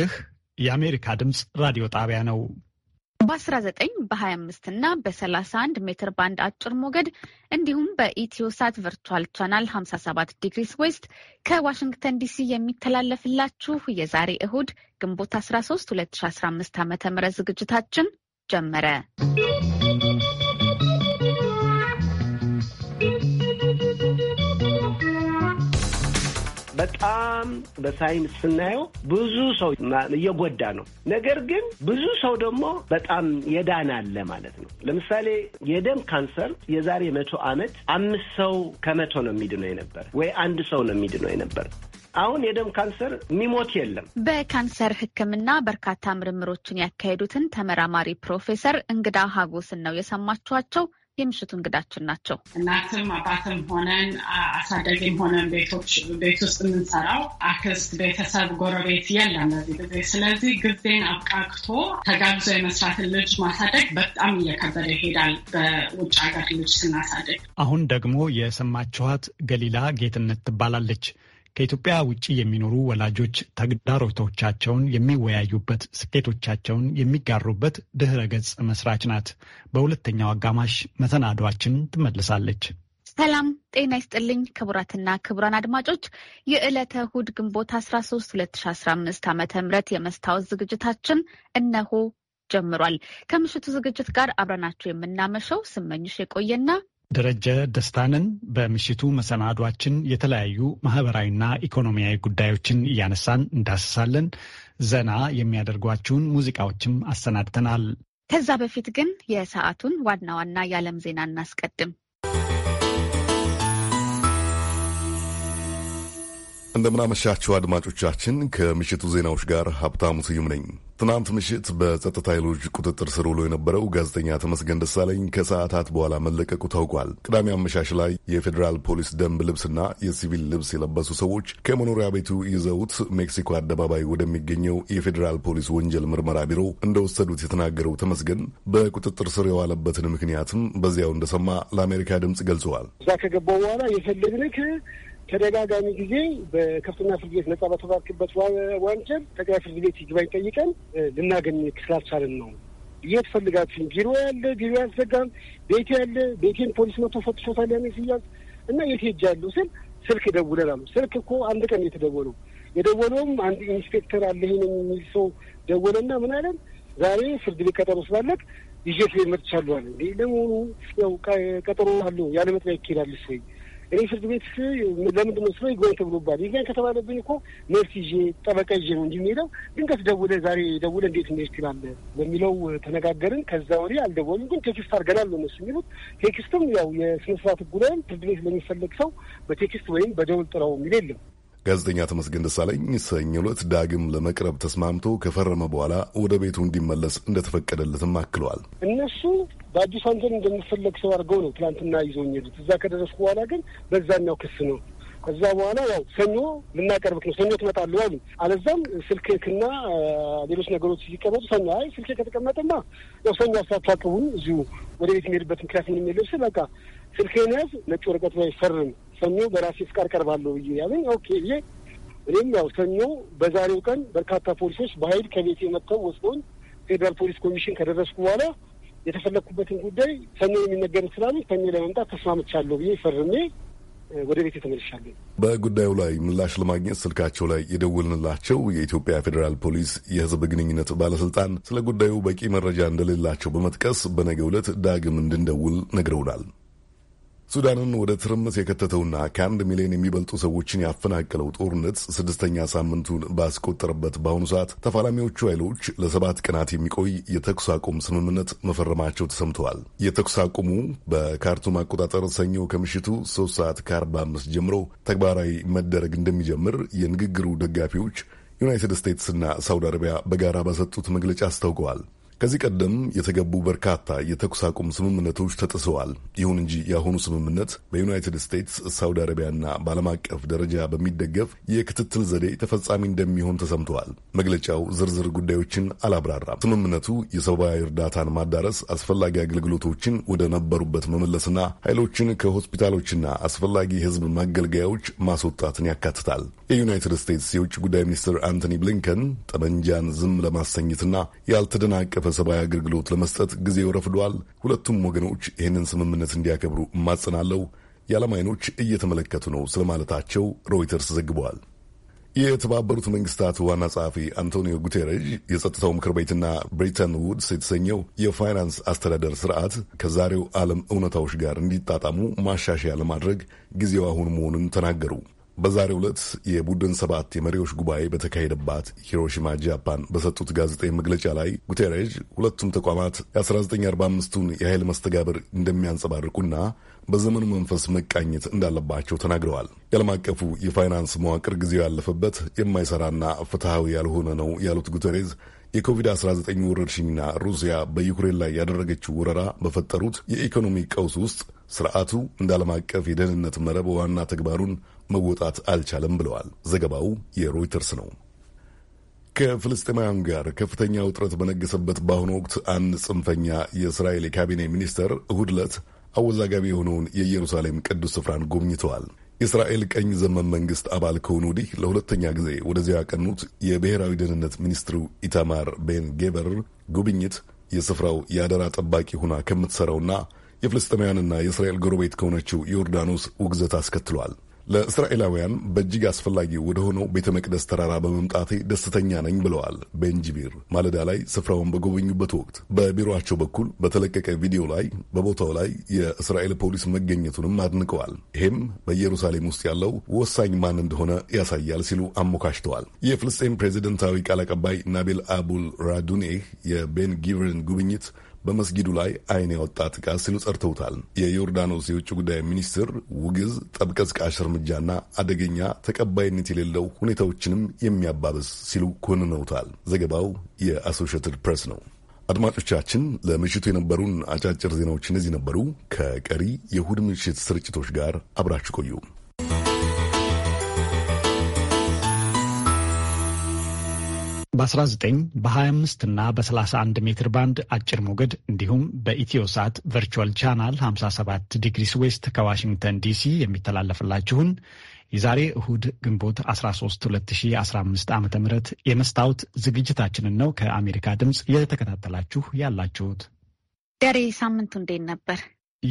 ይህ የአሜሪካ ድምፅ ራዲዮ ጣቢያ ነው። በ19 በ25 እና በ31 ሜትር ባንድ አጭር ሞገድ እንዲሁም በኢትዮሳት ቨርቹዋል ቻናል 57 ዲግሪስ ዌስት ከዋሽንግተን ዲሲ የሚተላለፍላችሁ የዛሬ እሁድ ግንቦት 13 2015 ዓ ም ዝግጅታችን ጀመረ። በጣም በሳይንስ ስናየው ብዙ ሰው እየጎዳ ነው። ነገር ግን ብዙ ሰው ደግሞ በጣም የዳን አለ ማለት ነው። ለምሳሌ የደም ካንሰር የዛሬ መቶ ዓመት አምስት ሰው ከመቶ ነው የሚድነው የነበር ወይ አንድ ሰው ነው የሚድነው የነበር። አሁን የደም ካንሰር የሚሞት የለም። በካንሰር ሕክምና በርካታ ምርምሮችን ያካሄዱትን ተመራማሪ ፕሮፌሰር እንግዳ ሀጎስን ነው የሰማችኋቸው። የምሽቱ እንግዳችን ናቸው። እናትም አባትም ሆነን አሳደግም ሆነን ቤቶች ቤት ውስጥ የምንሰራው አክስት፣ ቤተሰብ፣ ጎረቤት የለም በዚህ ጊዜ። ስለዚህ ጊዜን አብቃቅቶ ተጋግዞ የመስራትን ልጅ ማሳደግ በጣም እየከበደ ይሄዳል በውጭ ሀገር ልጅ ስናሳደግ። አሁን ደግሞ የሰማችኋት ገሊላ ጌትነት ትባላለች። ከኢትዮጵያ ውጭ የሚኖሩ ወላጆች ተግዳሮቶቻቸውን የሚወያዩበት፣ ስኬቶቻቸውን የሚጋሩበት ድህረ ገጽ መስራች ናት። በሁለተኛው አጋማሽ መሰናዷችን ትመልሳለች። ሰላም ጤና ይስጥልኝ ክቡራትና ክቡራን አድማጮች የዕለተ እሁድ ግንቦት 13 2015 ዓ ም የመስታወት ዝግጅታችን እነሆ ጀምሯል። ከምሽቱ ዝግጅት ጋር አብረናችሁ የምናመሸው ስመኝሽ የቆየና ደረጀ ደስታንን በምሽቱ መሰናዷችን የተለያዩ ማህበራዊና ኢኮኖሚያዊ ጉዳዮችን እያነሳን እንዳስሳለን። ዘና የሚያደርጓችሁን ሙዚቃዎችም አሰናድተናል። ከዛ በፊት ግን የሰዓቱን ዋና ዋና የዓለም ዜና እናስቀድም። እንደምናመሻችሁ አድማጮቻችን፣ ከምሽቱ ዜናዎች ጋር ሀብታሙ ስዩም ነኝ። ትናንት ምሽት በጸጥታ ኃይሎች ቁጥጥር ስር ውሎ የነበረው ጋዜጠኛ ተመስገን ደሳለኝ ከሰዓታት በኋላ መለቀቁ ታውቋል። ቅዳሜ አመሻሽ ላይ የፌዴራል ፖሊስ ደንብ ልብስና የሲቪል ልብስ የለበሱ ሰዎች ከመኖሪያ ቤቱ ይዘውት ሜክሲኮ አደባባይ ወደሚገኘው የፌዴራል ፖሊስ ወንጀል ምርመራ ቢሮ እንደወሰዱት የተናገረው ተመስገን በቁጥጥር ስር የዋለበትን ምክንያትም በዚያው እንደሰማ ለአሜሪካ ድምፅ ገልጸዋል። እዛ ከገባው በኋላ የፈለግንህ ተደጋጋሚ ጊዜ በከፍተኛ ፍርድ ቤት ነጻ በተባልክበት ወንጀል ጠቅላይ ፍርድ ቤት ይግባኝ ጠይቀን ልናገኝ ስላልቻልን ነው። የት ፈልጋችሁ? ቢሮ ያለ ቢሮ ያልዘጋም፣ ቤቴ ያለ ቤቴን ፖሊስ መቶ ፈትሾታል። ያ ስያዝ እና የት ሄጃለሁ ስል ስልክ ደውለን ስልክ እኮ አንድ ቀን የተደወለው የደወለውም አንድ ኢንስፔክተር አለ ይሄን የሚል ሰው ደወለና ምን አለን፣ ዛሬ ፍርድ ቤት ቀጠሮ ስላለቅ ይዤ ስቤ መጥቻለሁ አለ። ለመሆኑ ያው ቀጠሮ አለው ያለመጥሪያ ይካሄዳል ወይ እኔ ፍርድ ቤት ለምንድን ነው ስለው ይግባኝ ተብሎባል። ይግባኝ ከተባለብኝ እኮ መልስ ይዤ ጠበቃ ይዤ ነው እንጂ የምሄደው። ድንገት ደውለ ዛሬ ደውለ እንዴት እንሄድ ትላለህ በሚለው ተነጋገርን። ከዛ ወዲህ አልደወሉም፣ ግን ቴክስት አድርገናል ነው እነሱ የሚሉት። ቴክስትም ያው የስነ ጉዳይም ፍርድ ቤት ለሚፈለግ ሰው በቴክስት ወይም በደውል ጥረው የሚል የለም። ጋዜጠኛ ተመስገን ደሳለኝ ሰኞ ዕለት ዳግም ለመቅረብ ተስማምቶ ከፈረመ በኋላ ወደ ቤቱ እንዲመለስ እንደተፈቀደለትም አክለዋል። እነሱ በአዲስ አንተን እንደምፈለግ ሰው አድርገው ነው ትላንትና ይዘውኝ ሄዱት። እዛ ከደረስኩ በኋላ ግን በዛኛው ክስ ነው ከዛ በኋላ ያው ሰኞ ልናቀርብክ ነው፣ ሰኞ ትመጣሉ አሉ። አለዛም ስልክክና ሌሎች ነገሮች ሲቀመጡ ሰኞ አይ ስልክ ከተቀመጠማ ያው ሰኞ አሳታቅቡን እዚሁ ወደ ቤት የሚሄድበት ምክንያት ምንም የለብስ በቃ ስልክ ያዝ፣ ነጭ ወረቀት ላይ ፈርም ሰኞ በራሴ ፍቃድ ቀርባለሁ ብዬ ያለኝ ኦኬ ብዬ እኔም ያው ሰኞ በዛሬው ቀን በርካታ ፖሊሶች በኃይል ከቤት የመጥተው ወስደውኝ ፌዴራል ፖሊስ ኮሚሽን ከደረስኩ በኋላ የተፈለግኩበትን ጉዳይ ሰኞ የሚነገር ስላለ ሰኞ ለመምጣት ተስማምቻለሁ ብዬ ፈርሜ ወደ ቤት የተመልሻለሁ። በጉዳዩ ላይ ምላሽ ለማግኘት ስልካቸው ላይ የደወልንላቸው የኢትዮጵያ ፌዴራል ፖሊስ የሕዝብ ግንኙነት ባለስልጣን ስለ ጉዳዩ በቂ መረጃ እንደሌላቸው በመጥቀስ በነገ ዕለት ዳግም እንድንደውል ነግረውናል። ሱዳንን ወደ ትርምስ የከተተውና ከአንድ ሚሊዮን የሚበልጡ ሰዎችን ያፈናቀለው ጦርነት ስድስተኛ ሳምንቱን ባስቆጠረበት በአሁኑ ሰዓት ተፋላሚዎቹ ኃይሎች ለሰባት ቀናት የሚቆይ የተኩስ አቁም ስምምነት መፈረማቸው ተሰምተዋል። የተኩስ አቁሙ በካርቱም አቆጣጠር ሰኞ ከምሽቱ ሶስት ሰዓት ከአርባ አምስት ጀምሮ ተግባራዊ መደረግ እንደሚጀምር የንግግሩ ደጋፊዎች ዩናይትድ ስቴትስና ሳውዲ አረቢያ በጋራ በሰጡት መግለጫ አስታውቀዋል። ከዚህ ቀደም የተገቡ በርካታ የተኩስ አቁም ስምምነቶች ተጥሰዋል። ይሁን እንጂ የአሁኑ ስምምነት በዩናይትድ ስቴትስ፣ ሳውዲ አረቢያና በዓለም አቀፍ ደረጃ በሚደገፍ የክትትል ዘዴ ተፈጻሚ እንደሚሆን ተሰምተዋል። መግለጫው ዝርዝር ጉዳዮችን አላብራራም። ስምምነቱ የሰብአዊ እርዳታን ማዳረስ፣ አስፈላጊ አገልግሎቶችን ወደ ነበሩበት መመለስና ኃይሎችን ከሆስፒታሎችና አስፈላጊ የህዝብ መገልገያዎች ማስወጣትን ያካትታል። የዩናይትድ ስቴትስ የውጭ ጉዳይ ሚኒስትር አንቶኒ ብሊንከን ጠመንጃን ዝም ለማሰኘትና ያልተደናቀፈ ማህበረሰባዊ አገልግሎት ለመስጠት ጊዜው ረፍዷል። ሁለቱም ወገኖች ይህንን ስምምነት እንዲያከብሩ እማጸናለሁ። የዓለም አይኖች እየተመለከቱ ነው ስለማለታቸው ሮይተርስ ዘግበዋል። የተባበሩት መንግስታት ዋና ጸሐፊ አንቶኒዮ ጉቴሬዥ የጸጥታው ምክር ቤትና ብሪተን ውድስ የተሰኘው የፋይናንስ አስተዳደር ስርዓት ከዛሬው ዓለም እውነታዎች ጋር እንዲጣጣሙ ማሻሻያ ለማድረግ ጊዜው አሁን መሆኑን ተናገሩ። በዛሬው ዕለት የቡድን ሰባት የመሪዎች ጉባኤ በተካሄደባት ሂሮሺማ ጃፓን በሰጡት ጋዜጣዊ መግለጫ ላይ ጉቴሬዥ ሁለቱም ተቋማት የ1945ቱን የኃይል መስተጋብር እንደሚያንጸባርቁና በዘመኑ መንፈስ መቃኘት እንዳለባቸው ተናግረዋል። የዓለም አቀፉ የፋይናንስ መዋቅር ጊዜው ያለፈበት የማይሰራና ፍትሐዊ ያልሆነ ነው ያሉት ጉቴሬዝ የኮቪድ-19 ወረርሽኝና ሩሲያ በዩክሬን ላይ ያደረገችው ወረራ በፈጠሩት የኢኮኖሚ ቀውስ ውስጥ ስርዓቱ እንደ ዓለም አቀፍ የደህንነት መረብ ዋና ተግባሩን መወጣት አልቻለም ብለዋል። ዘገባው የሮይተርስ ነው። ከፍልስጤማውያን ጋር ከፍተኛ ውጥረት በነገሰበት በአሁኑ ወቅት አንድ ጽንፈኛ የእስራኤል የካቢኔ ሚኒስተር እሁድ ዕለት አወዛጋቢ የሆነውን የኢየሩሳሌም ቅዱስ ስፍራን ጎብኝተዋል። የእስራኤል ቀኝ ዘመን መንግስት አባል ከሆኑ ወዲህ ለሁለተኛ ጊዜ ወደዚያ ያቀኑት የብሔራዊ ደህንነት ሚኒስትሩ ኢታማር ቤን ጌበር ጉብኝት የስፍራው የአደራ ጠባቂ ሆና ከምትሰራውና የፍልስጤማውያንና የእስራኤል ጎረቤት ከሆነችው ዮርዳኖስ ውግዘት አስከትሏል። ለእስራኤላውያን በእጅግ አስፈላጊ ሆነው ቤተ መቅደስ ተራራ በመምጣቴ ደስተኛ ነኝ ብለዋል። ቤንጂቢር ማለዳ ላይ ስፍራውን በጎበኙበት ወቅት በቢሮቸው በኩል በተለቀቀ ቪዲዮ ላይ በቦታው ላይ የእስራኤል ፖሊስ መገኘቱንም አድንቀዋል። ይህም በኢየሩሳሌም ውስጥ ያለው ወሳኝ ማን እንደሆነ ያሳያል ሲሉ አሞካሽተዋል። የፍልስጤም ፕሬዚደንታዊ ቃል አቀባይ ናቢል አቡል ራዱኔህ የቤን ጊቭርን ጉብኝት በመስጊዱ ላይ አይን ያወጣ ጥቃት ሲሉ ጠርተውታል። የዮርዳኖስ የውጭ ጉዳይ ሚኒስትር ውግዝ ጠብቀዝቃሽ እርምጃና አደገኛ ተቀባይነት የሌለው ሁኔታዎችንም የሚያባብስ ሲሉ ኮንነውታል። ዘገባው የአሶሽትድ ፕሬስ ነው። አድማጮቻችን ለምሽቱ የነበሩን አጫጭር ዜናዎች እነዚህ ነበሩ። ከቀሪ የእሁድ ምሽት ስርጭቶች ጋር አብራችሁ ቆዩ። በ19 በ25 እና በ31 ሜትር ባንድ አጭር ሞገድ እንዲሁም በኢትዮሳት ቨርቹዋል ቻናል 57 ዲግሪስ ዌስት ከዋሽንግተን ዲሲ የሚተላለፍላችሁን የዛሬ እሁድ ግንቦት 13 2015 ዓ ም የመስታወት ዝግጅታችንን ነው ከአሜሪካ ድምፅ እየተከታተላችሁ ያላችሁት። ዛሬ ሳምንቱ እንዴት ነበር?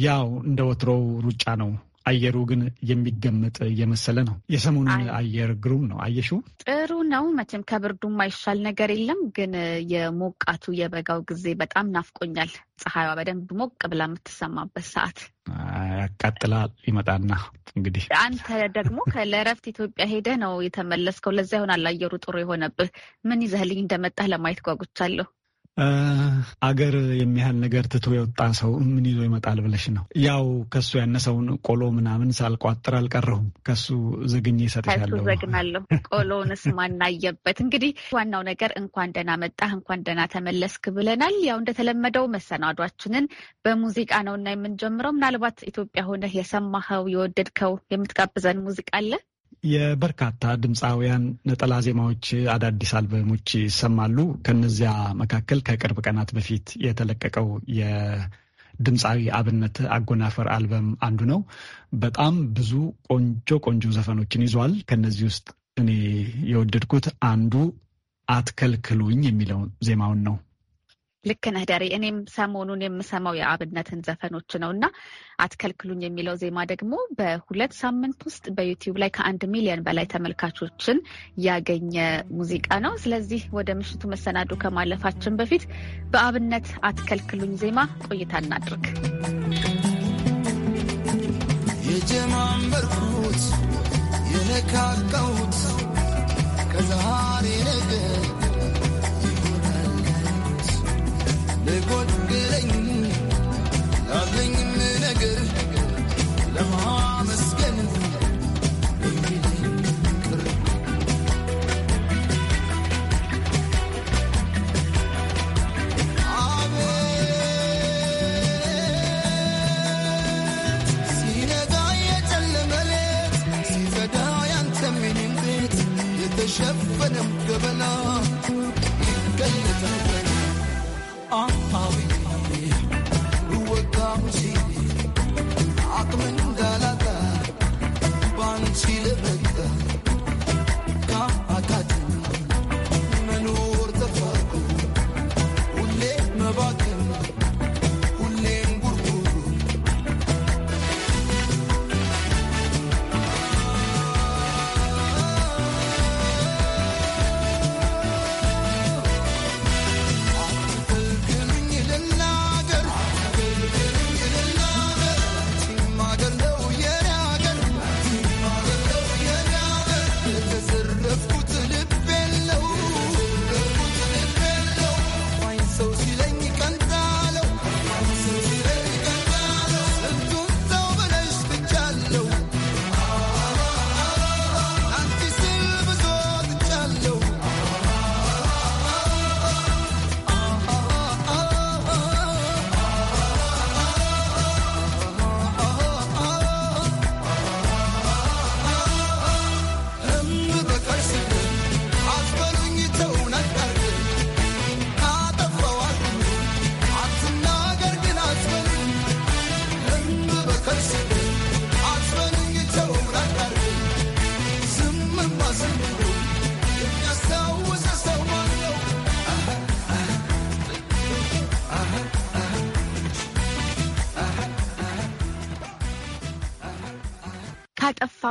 ያው እንደ ወትሮው ሩጫ ነው። አየሩ ግን የሚገመጥ የመሰለ ነው። የሰሞኑን አየር ግሩም ነው። አየሹ ጥሩ ነው። መቼም ከብርዱ ማይሻል ነገር የለም። ግን የሞቃቱ የበጋው ጊዜ በጣም ናፍቆኛል። ፀሐይዋ በደንብ ሞቅ ብላ የምትሰማበት ሰዓት ያቃጥላ ይመጣና እንግዲህ አንተ ደግሞ ለእረፍት ኢትዮጵያ ሄደህ ነው የተመለስከው። ለዛ ይሆናል አየሩ ጥሩ የሆነብህ። ምን ይዘህልኝ እንደመጣህ ለማየት ጓጉቻለሁ። አገር የሚያህል ነገር ትቶ የወጣ ሰው ምን ይዞ ይመጣል ብለሽ ነው። ያው ከሱ ያነሰውን ቆሎ ምናምን ሳልቋጥር አልቀረሁም። ከሱ ዘግኝ ይሰጥሻለሁ። ዘግናለሁ። ቆሎንስ ማናየበት እንግዲህ ዋናው ነገር እንኳን ደህና መጣህ፣ እንኳን ደህና ተመለስክ ብለናል። ያው እንደተለመደው መሰናዷችንን በሙዚቃ ነው እና የምንጀምረው። ምናልባት ኢትዮጵያ ሆነህ የሰማኸው የወደድከው የምትጋብዘን ሙዚቃ አለ? የበርካታ ድምፃውያን ነጠላ ዜማዎች አዳዲስ አልበሞች ይሰማሉ። ከነዚያ መካከል ከቅርብ ቀናት በፊት የተለቀቀው የድምፃዊ አብነት አጎናፈር አልበም አንዱ ነው። በጣም ብዙ ቆንጆ ቆንጆ ዘፈኖችን ይዟል። ከነዚህ ውስጥ እኔ የወደድኩት አንዱ አትከልክሉኝ የሚለው ዜማውን ነው። ልክ ነህ ደሬ። እኔም ሰሞኑን የምሰማው የአብነትን ዘፈኖች ነው እና አትከልክሉኝ የሚለው ዜማ ደግሞ በሁለት ሳምንት ውስጥ በዩቲዩብ ላይ ከአንድ ሚሊዮን በላይ ተመልካቾችን ያገኘ ሙዚቃ ነው። ስለዚህ ወደ ምሽቱ መሰናዶ ከማለፋችን በፊት በአብነት አትከልክሉኝ ዜማ ቆይታ እናድርግ። የጀማመርኩት የነካቀውት ከዛሬ ገበና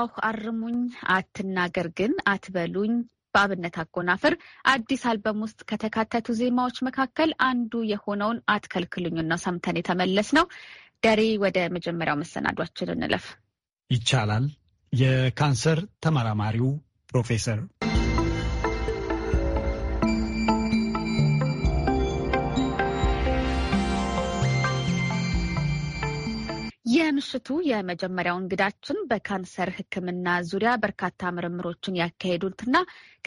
አጥፋሁ አርሙኝ፣ አትናገር ግን አትበሉኝ በአብነት አጎናፍር አዲስ አልበም ውስጥ ከተካተቱ ዜማዎች መካከል አንዱ የሆነውን አትከልክሉኝና ሰምተን የተመለስ ነው። ደሬ ወደ መጀመሪያው መሰናዷችን እንለፍ። ይቻላል የካንሰር ተመራማሪው ፕሮፌሰር የምሽቱ የመጀመሪያው እንግዳችን በካንሰር ሕክምና ዙሪያ በርካታ ምርምሮችን ያካሄዱትና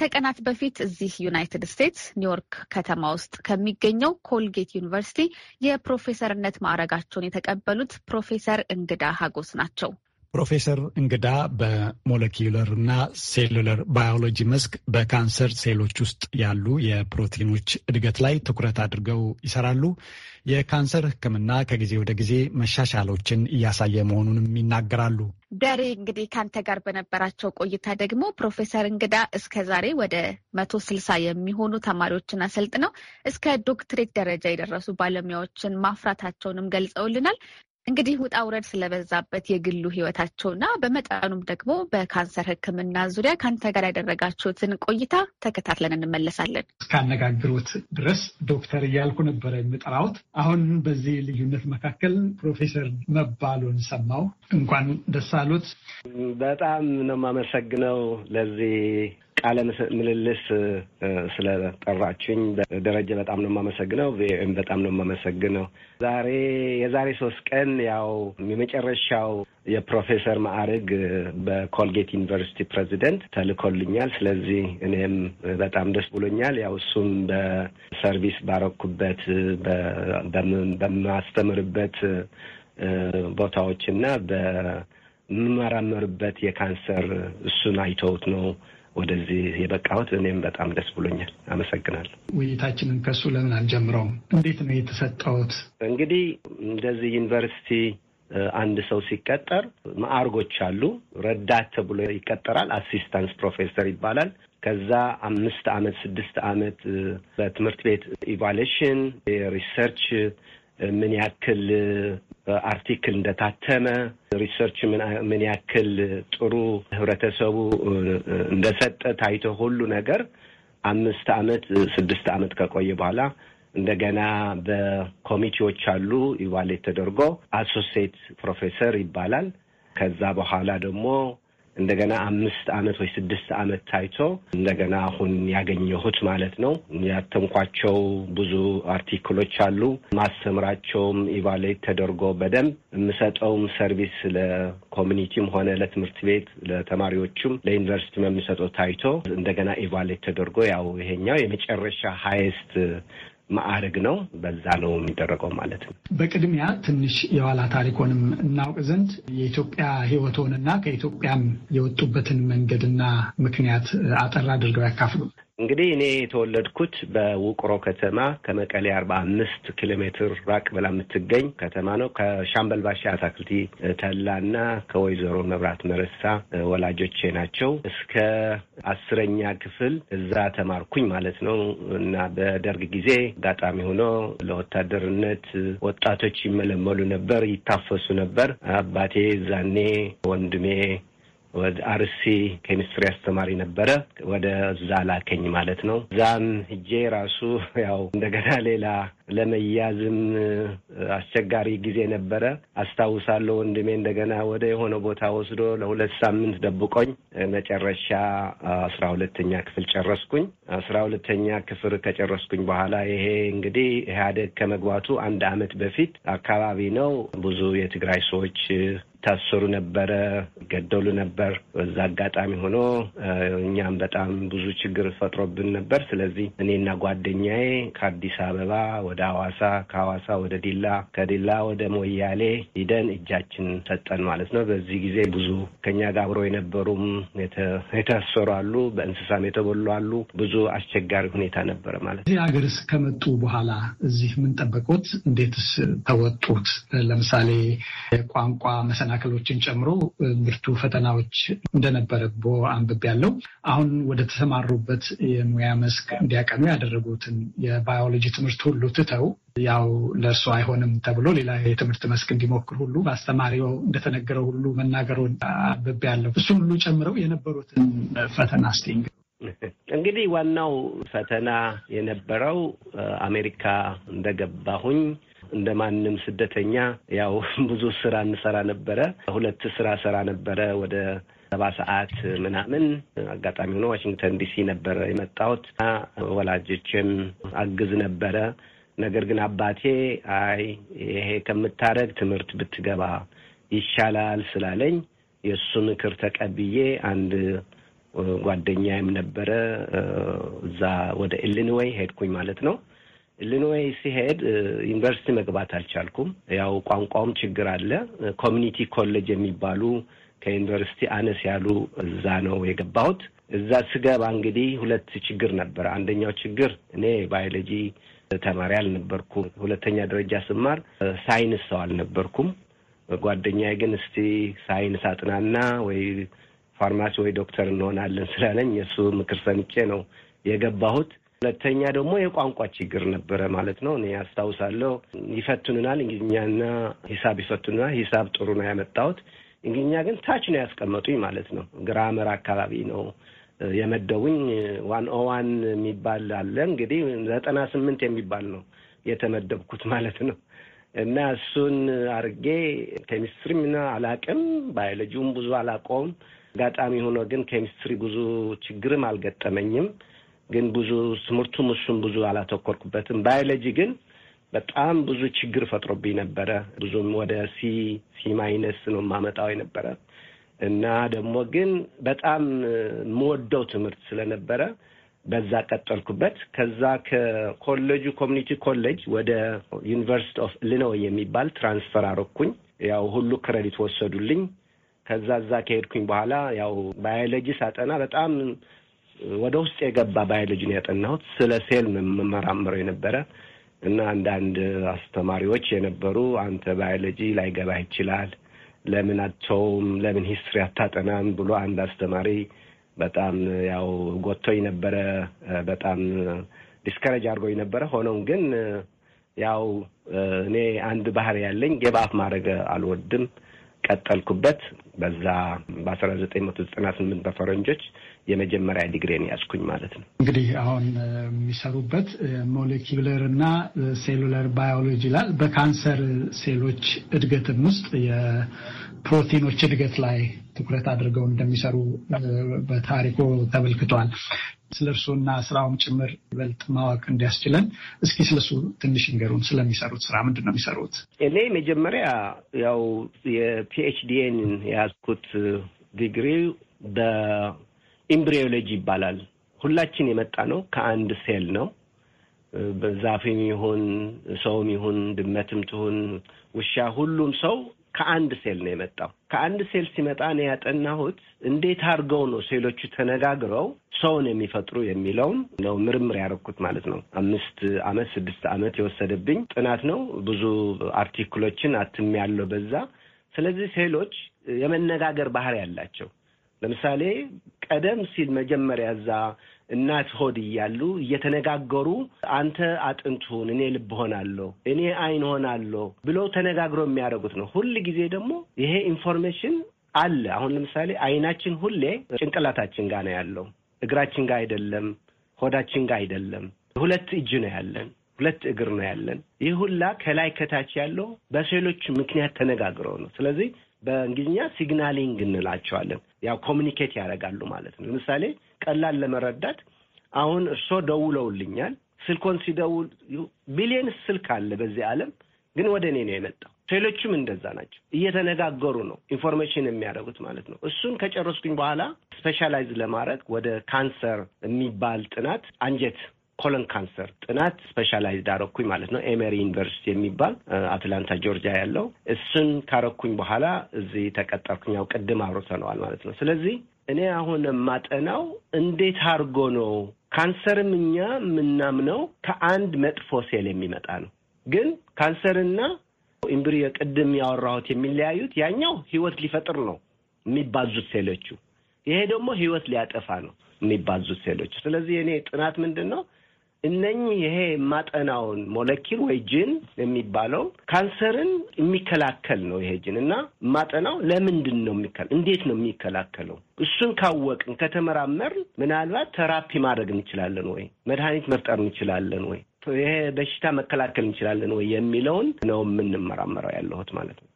ከቀናት በፊት እዚህ ዩናይትድ ስቴትስ ኒውዮርክ ከተማ ውስጥ ከሚገኘው ኮልጌት ዩኒቨርሲቲ የፕሮፌሰርነት ማዕረጋቸውን የተቀበሉት ፕሮፌሰር እንግዳ ሀጎስ ናቸው። ፕሮፌሰር እንግዳ በሞለኪውለር እና ሴሉለር ባዮሎጂ መስክ በካንሰር ሴሎች ውስጥ ያሉ የፕሮቲኖች እድገት ላይ ትኩረት አድርገው ይሰራሉ። የካንሰር ሕክምና ከጊዜ ወደ ጊዜ መሻሻሎችን እያሳየ መሆኑንም ይናገራሉ። ደሬ እንግዲህ ከአንተ ጋር በነበራቸው ቆይታ ደግሞ ፕሮፌሰር እንግዳ እስከ ዛሬ ወደ መቶ ስልሳ የሚሆኑ ተማሪዎችን አሰልጥነው እስከ ዶክትሬት ደረጃ የደረሱ ባለሙያዎችን ማፍራታቸውንም ገልጸውልናል። እንግዲህ ውጣ ውረድ ስለበዛበት የግሉ ህይወታቸው እና በመጠኑም ደግሞ በካንሰር ሕክምና ዙሪያ ከአንተ ጋር ያደረጋችሁትን ቆይታ ተከታትለን እንመለሳለን። እስካነጋግሮት ድረስ ዶክተር እያልኩ ነበረ የምጠራውት። አሁን በዚህ ልዩነት መካከል ፕሮፌሰር መባሉን ሰማው። እንኳን ደስ አሉት። በጣም ነው የማመሰግነው ለዚህ ቃለ ምልልስ ስለጠራችኝ ደረጀ በጣም ነው የማመሰግነው። ቪኦኤም በጣም ነው የማመሰግነው። ዛሬ የዛሬ ሶስት ቀን ያው የመጨረሻው የፕሮፌሰር ማዕርግ በኮልጌት ዩኒቨርሲቲ ፕሬዚደንት ተልኮልኛል። ስለዚህ እኔም በጣም ደስ ብሎኛል። ያው እሱም በሰርቪስ ባረኩበት በማስተምርበት ቦታዎችና በምመራመርበት የካንሰር እሱን አይተውት ነው ወደዚህ የበቃሁት እኔም በጣም ደስ ብሎኛል። አመሰግናለሁ። ውይይታችንን ከሱ ለምን አልጀምረው እንዴት ነው የተሰጠውት እንግዲህ እንደዚህ ዩኒቨርሲቲ አንድ ሰው ሲቀጠር ማዕርጎች አሉ። ረዳት ተብሎ ይቀጠራል። አሲስታንስ ፕሮፌሰር ይባላል። ከዛ አምስት አመት ስድስት አመት በትምህርት ቤት ኢቫሌሽን የሪሰርች ምን ያክል አርቲክል እንደታተመ ሪሰርች ምን ያክል ጥሩ ህብረተሰቡ እንደሰጠ ታይቶ ሁሉ ነገር አምስት አመት ስድስት አመት ከቆየ በኋላ እንደገና በኮሚቴዎች አሉ ኢቫሌት ተደርጎ አሶሴት ፕሮፌሰር ይባላል። ከዛ በኋላ ደግሞ እንደገና አምስት አመት ወይ ስድስት አመት ታይቶ እንደገና አሁን ያገኘሁት ማለት ነው። ያተምኳቸው ብዙ አርቲክሎች አሉ። ማስተምራቸውም ኢቫሌት ተደርጎ በደንብ የምሰጠውም ሰርቪስ ለኮሚኒቲም ሆነ ለትምህርት ቤት ለተማሪዎቹም ለዩኒቨርሲቲ የምሰጠው ታይቶ እንደገና ኢቫሌት ተደርጎ ያው ይሄኛው የመጨረሻ ሀይስት ማዕረግ ነው። በዛ ነው የሚደረገው ማለት ነው። በቅድሚያ ትንሽ የኋላ ታሪኮንም እናውቅ ዘንድ የኢትዮጵያ ሕይወቶንና ከኢትዮጵያም የወጡበትን መንገድና ምክንያት አጠር አድርገው ያካፍሉ። እንግዲህ እኔ የተወለድኩት በውቅሮ ከተማ ከመቀሌ አርባ አምስት ኪሎ ሜትር ራቅ ብላ የምትገኝ ከተማ ነው። ከሻምበል ባሻ አታክልቲ ተላና ከወይዘሮ መብራት መረሳ ወላጆቼ ናቸው። እስከ አስረኛ ክፍል እዛ ተማርኩኝ ማለት ነው እና በደርግ ጊዜ አጋጣሚ ሆኖ ለወታደርነት ወጣቶች ይመለመሉ ነበር፣ ይታፈሱ ነበር። አባቴ ዛኔ ወንድሜ ወደ አርሲ ኬሚስትሪ አስተማሪ ነበረ። ወደ ላከኝ ማለት ነው። እዛም ሄጄ ራሱ ያው እንደገና ሌላ ለመያዝም አስቸጋሪ ጊዜ ነበረ። አስታውሳለሁ ወንድሜ እንደገና ወደ የሆነ ቦታ ወስዶ ለሁለት ሳምንት ደብቆኝ መጨረሻ አስራ ሁለተኛ ክፍል ጨረስኩኝ። አስራ ሁለተኛ ክፍል ከጨረስኩኝ በኋላ ይሄ እንግዲህ ኢህአዴግ ከመግባቱ አንድ ዓመት በፊት አካባቢ ነው ብዙ የትግራይ ሰዎች ይታሰሩ ነበረ፣ ይገደሉ ነበር። በዛ አጋጣሚ ሆኖ እኛም በጣም ብዙ ችግር ፈጥሮብን ነበር። ስለዚህ እኔና ጓደኛዬ ከአዲስ አበባ ወደ አዋሳ፣ ከአዋሳ ወደ ዲላ፣ ከዲላ ወደ ሞያሌ ሂደን እጃችን ሰጠን ማለት ነው። በዚህ ጊዜ ብዙ ከኛ ጋር አብረው የነበሩም የታሰሩ አሉ፣ በእንስሳም የተበሉ አሉ። ብዙ አስቸጋሪ ሁኔታ ነበረ ማለት ነው። ሀገርስ ከመጡ በኋላ እዚህ የምንጠበቁት እንዴትስ ተወጡት? ለምሳሌ ቋንቋ መሰና መሰናክሎችን ጨምሮ ብርቱ ፈተናዎች እንደነበረ አንብቤ ያለው አሁን ወደ ተሰማሩበት የሙያ መስክ እንዲያቀኑ ያደረጉትን የባዮሎጂ ትምህርት ሁሉ ትተው ያው ለእርሱ አይሆንም ተብሎ ሌላ የትምህርት መስክ እንዲሞክር ሁሉ በአስተማሪው እንደተነገረው ሁሉ መናገሩን አንብቤ ያለው እሱ ሁሉ ጨምረው የነበሩትን ፈተና ስቲንግ እንግዲህ ዋናው ፈተና የነበረው አሜሪካ እንደገባሁኝ እንደ ማንም ስደተኛ ያው ብዙ ስራ እንሰራ ነበረ። ሁለት ስራ ሰራ ነበረ ወደ ሰባ ሰዓት ምናምን አጋጣሚ ሆኖ ዋሽንግተን ዲሲ ነበረ የመጣሁት ወላጆችም አግዝ ነበረ። ነገር ግን አባቴ አይ ይሄ ከምታደረግ ትምህርት ብትገባ ይሻላል ስላለኝ የእሱ ምክር ተቀብዬ አንድ ጓደኛዬም ነበረ እዛ ወደ ኢሊኖይ ሄድኩኝ ማለት ነው። ኢሊኖይ ሲሄድ ዩኒቨርሲቲ መግባት አልቻልኩም። ያው ቋንቋውም ችግር አለ። ኮሚኒቲ ኮሌጅ የሚባሉ ከዩኒቨርሲቲ አነስ ያሉ እዛ ነው የገባሁት። እዛ ስገባ እንግዲህ ሁለት ችግር ነበረ። አንደኛው ችግር እኔ ባዮሎጂ ተማሪ አልነበርኩም። ሁለተኛ ደረጃ ስማር ሳይንስ ሰው አልነበርኩም። ጓደኛዬ ግን እስቲ ሳይንስ አጥናና ወይ ፋርማሲ ወይ ዶክተር እንሆናለን ስላለኝ እሱ ምክር ሰምቼ ነው የገባሁት። ሁለተኛ ደግሞ የቋንቋ ችግር ነበረ ማለት ነው። እኔ ያስታውሳለሁ ይፈትኑናል፣ እንግሊዝኛና ሂሳብ ይፈትኑናል። ሂሳብ ጥሩ ነው ያመጣሁት፣ እንግሊዝኛ ግን ታች ነው ያስቀመጡኝ ማለት ነው። ግራመር አካባቢ ነው የመደቡኝ። ዋን ኦ ዋን የሚባል አለ እንግዲህ ዘጠና ስምንት የሚባል ነው የተመደብኩት ማለት ነው። እና እሱን አርጌ ኬሚስትሪ አላቅም፣ ባዮሎጂውም ብዙ አላቆም። አጋጣሚ ሆኖ ግን ኬሚስትሪ ብዙ ችግርም አልገጠመኝም። ግን ብዙ ትምህርቱም እሱም ብዙ አላተኮርኩበትም። ባዮሎጂ ግን በጣም ብዙ ችግር ፈጥሮብኝ ነበረ። ብዙም ወደ ሲ ሲ ማይነስ ነው የማመጣው የነበረ እና ደግሞ ግን በጣም የምወደው ትምህርት ስለነበረ በዛ ቀጠልኩበት። ከዛ ከኮሌጁ ኮሚኒቲ ኮሌጅ ወደ ዩኒቨርሲቲ ኦፍ ኢሊኖይ የሚባል ትራንስፈር አረኩኝ። ያው ሁሉ ክሬዲት ወሰዱልኝ። ከዛ እዛ ከሄድኩኝ በኋላ ያው ባዮሎጂ ሳጠና በጣም ወደ ውስጥ የገባ ባዮሎጂ ነው ያጠናሁት። ስለ ሴል መመራመረው የነበረ እና አንዳንድ አስተማሪዎች የነበሩ አንተ ባዮሎጂ ላይገባህ ይችላል፣ ለምን አትተውም፣ ለምን ሂስትሪ አታጠናም ብሎ አንድ አስተማሪ በጣም ያው ጎቶኝ ነበረ። በጣም ዲስከረጅ አድርጎኝ ነበረ። ሆኖም ግን ያው እኔ አንድ ባህሪ ያለኝ ጌባፍ ማድረግ አልወድም። ቀጠልኩበት። በዛ በአስራ ዘጠኝ መቶ ዘጠና ስምንት በፈረንጆች የመጀመሪያ ዲግሬን ያዝኩኝ ማለት ነው። እንግዲህ አሁን የሚሰሩበት ሞሌኪለር እና ሴሉለር ባዮሎጂ ይላል። በካንሰር ሴሎች እድገትም ውስጥ የፕሮቲኖች እድገት ላይ ትኩረት አድርገው እንደሚሰሩ በታሪኮ ተመልክቷል። ስለ እና ስራውም ጭምር ይበልጥ ማወቅ እንዲያስችለን እስኪ ስለሱ ትንሽ እንገሩን። ስለሚሰሩት ስራ ምንድን ነው የሚሰሩት? እኔ መጀመሪያ ያው የፒኤችዲኤን የያዝኩት ዲግሪ ኢምብሪዮሎጂ ይባላል። ሁላችን የመጣ ነው ከአንድ ሴል ነው። ዛፍም ይሁን ሰውም ይሁን ድመትም ትሁን ውሻ፣ ሁሉም ሰው ከአንድ ሴል ነው የመጣው። ከአንድ ሴል ሲመጣ ነው ያጠናሁት እንዴት አድርገው ነው ሴሎቹ ተነጋግረው ሰውን የሚፈጥሩ የሚለውን ነው ምርምር ያደረኩት ማለት ነው። አምስት አመት ስድስት አመት የወሰደብኝ ጥናት ነው። ብዙ አርቲክሎችን አትሜያለሁ በዛ። ስለዚህ ሴሎች የመነጋገር ባህሪ ያላቸው ለምሳሌ ቀደም ሲል መጀመሪያ እዛ እናት ሆድ እያሉ እየተነጋገሩ አንተ አጥንቱን እኔ ልብ ሆናለሁ እኔ አይን ሆናለሁ ብለው ተነጋግረው የሚያደርጉት ነው። ሁል ጊዜ ደግሞ ይሄ ኢንፎርሜሽን አለ። አሁን ለምሳሌ አይናችን ሁሌ ጭንቅላታችን ጋር ነው ያለው፣ እግራችን ጋር አይደለም፣ ሆዳችን ጋር አይደለም። ሁለት እጅ ነው ያለን፣ ሁለት እግር ነው ያለን። ይህ ሁላ ከላይ ከታች ያለው በሴሎች ምክንያት ተነጋግረው ነው። ስለዚህ በእንግሊዝኛ ሲግናሊንግ እንላቸዋለን። ያው ኮሚኒኬት ያደርጋሉ ማለት ነው። ለምሳሌ ቀላል ለመረዳት አሁን እርስዎ ደውለውልኛል። ስልኮን ሲደውል ቢሊየን ስልክ አለ በዚህ ዓለም ግን ወደ እኔ ነው የመጣው። ሌሎችም እንደዛ ናቸው። እየተነጋገሩ ነው ኢንፎርሜሽን የሚያደርጉት ማለት ነው። እሱን ከጨረስኩኝ በኋላ ስፔሻላይዝ ለማድረግ ወደ ካንሰር የሚባል ጥናት አንጀት ኮለን ካንሰር ጥናት ስፔሻላይዝድ አረኩኝ ማለት ነው። ኤሜሪ ዩኒቨርሲቲ የሚባል አትላንታ ጆርጂያ ያለው እሱን ካረኩኝ በኋላ እዚህ ተቀጠርኩኝ። ያው ቅድም አውርተነዋል ማለት ነው። ስለዚህ እኔ አሁን የማጠናው እንዴት አድርጎ ነው ካንሰርም እኛ የምናምነው ከአንድ መጥፎ ሴል የሚመጣ ነው። ግን ካንሰርና ኢምብሪዮ ቅድም ያወራሁት የሚለያዩት ያኛው ህይወት ሊፈጥር ነው የሚባዙት ሴሎቹ፣ ይሄ ደግሞ ህይወት ሊያጠፋ ነው የሚባዙት ሴሎቹ። ስለዚህ እኔ ጥናት ምንድን ነው እነኚህ ይሄ ማጠናውን ሞለኪል ወይ ጅን የሚባለው ካንሰርን የሚከላከል ነው። ይሄ ጅን እና ማጠናው ለምንድን ነው የሚከ እንዴት ነው የሚከላከለው? እሱን ካወቅን ከተመራመር ምናልባት ተራፒ ማድረግ እንችላለን ወይ መድኃኒት መፍጠር እንችላለን ወይ ይሄ በሽታ መከላከል እንችላለን ወይ የሚለውን ነው የምንመራመረው ያለሁት ማለት ነው።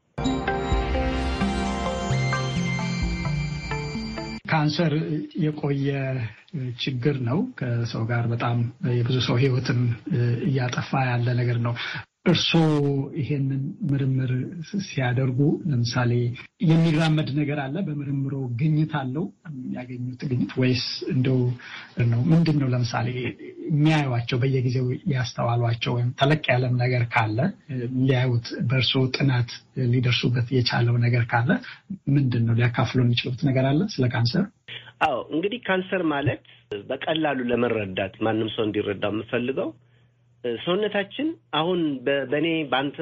ካንሰር የቆየ ችግር ነው። ከሰው ጋር በጣም የብዙ ሰው ህይወትን እያጠፋ ያለ ነገር ነው። እርስዎ ይሄንን ምርምር ሲያደርጉ ለምሳሌ የሚራመድ ነገር አለ? በምርምሮ ግኝት አለው ያገኙት ግኝት ወይስ እንደው ነው ምንድን ነው? ለምሳሌ የሚያዩቸው በየጊዜው ያስተዋሏቸው ወይም ተለቅ ያለም ነገር ካለ ሊያዩት በእርስዎ ጥናት ሊደርሱበት የቻለው ነገር ካለ ምንድን ነው? ሊያካፍሉ የሚችሉት ነገር አለ ስለ ካንሰር? አዎ እንግዲህ ካንሰር ማለት በቀላሉ ለመረዳት ማንም ሰው እንዲረዳው የምፈልገው ሰውነታችን አሁን በእኔ በአንተ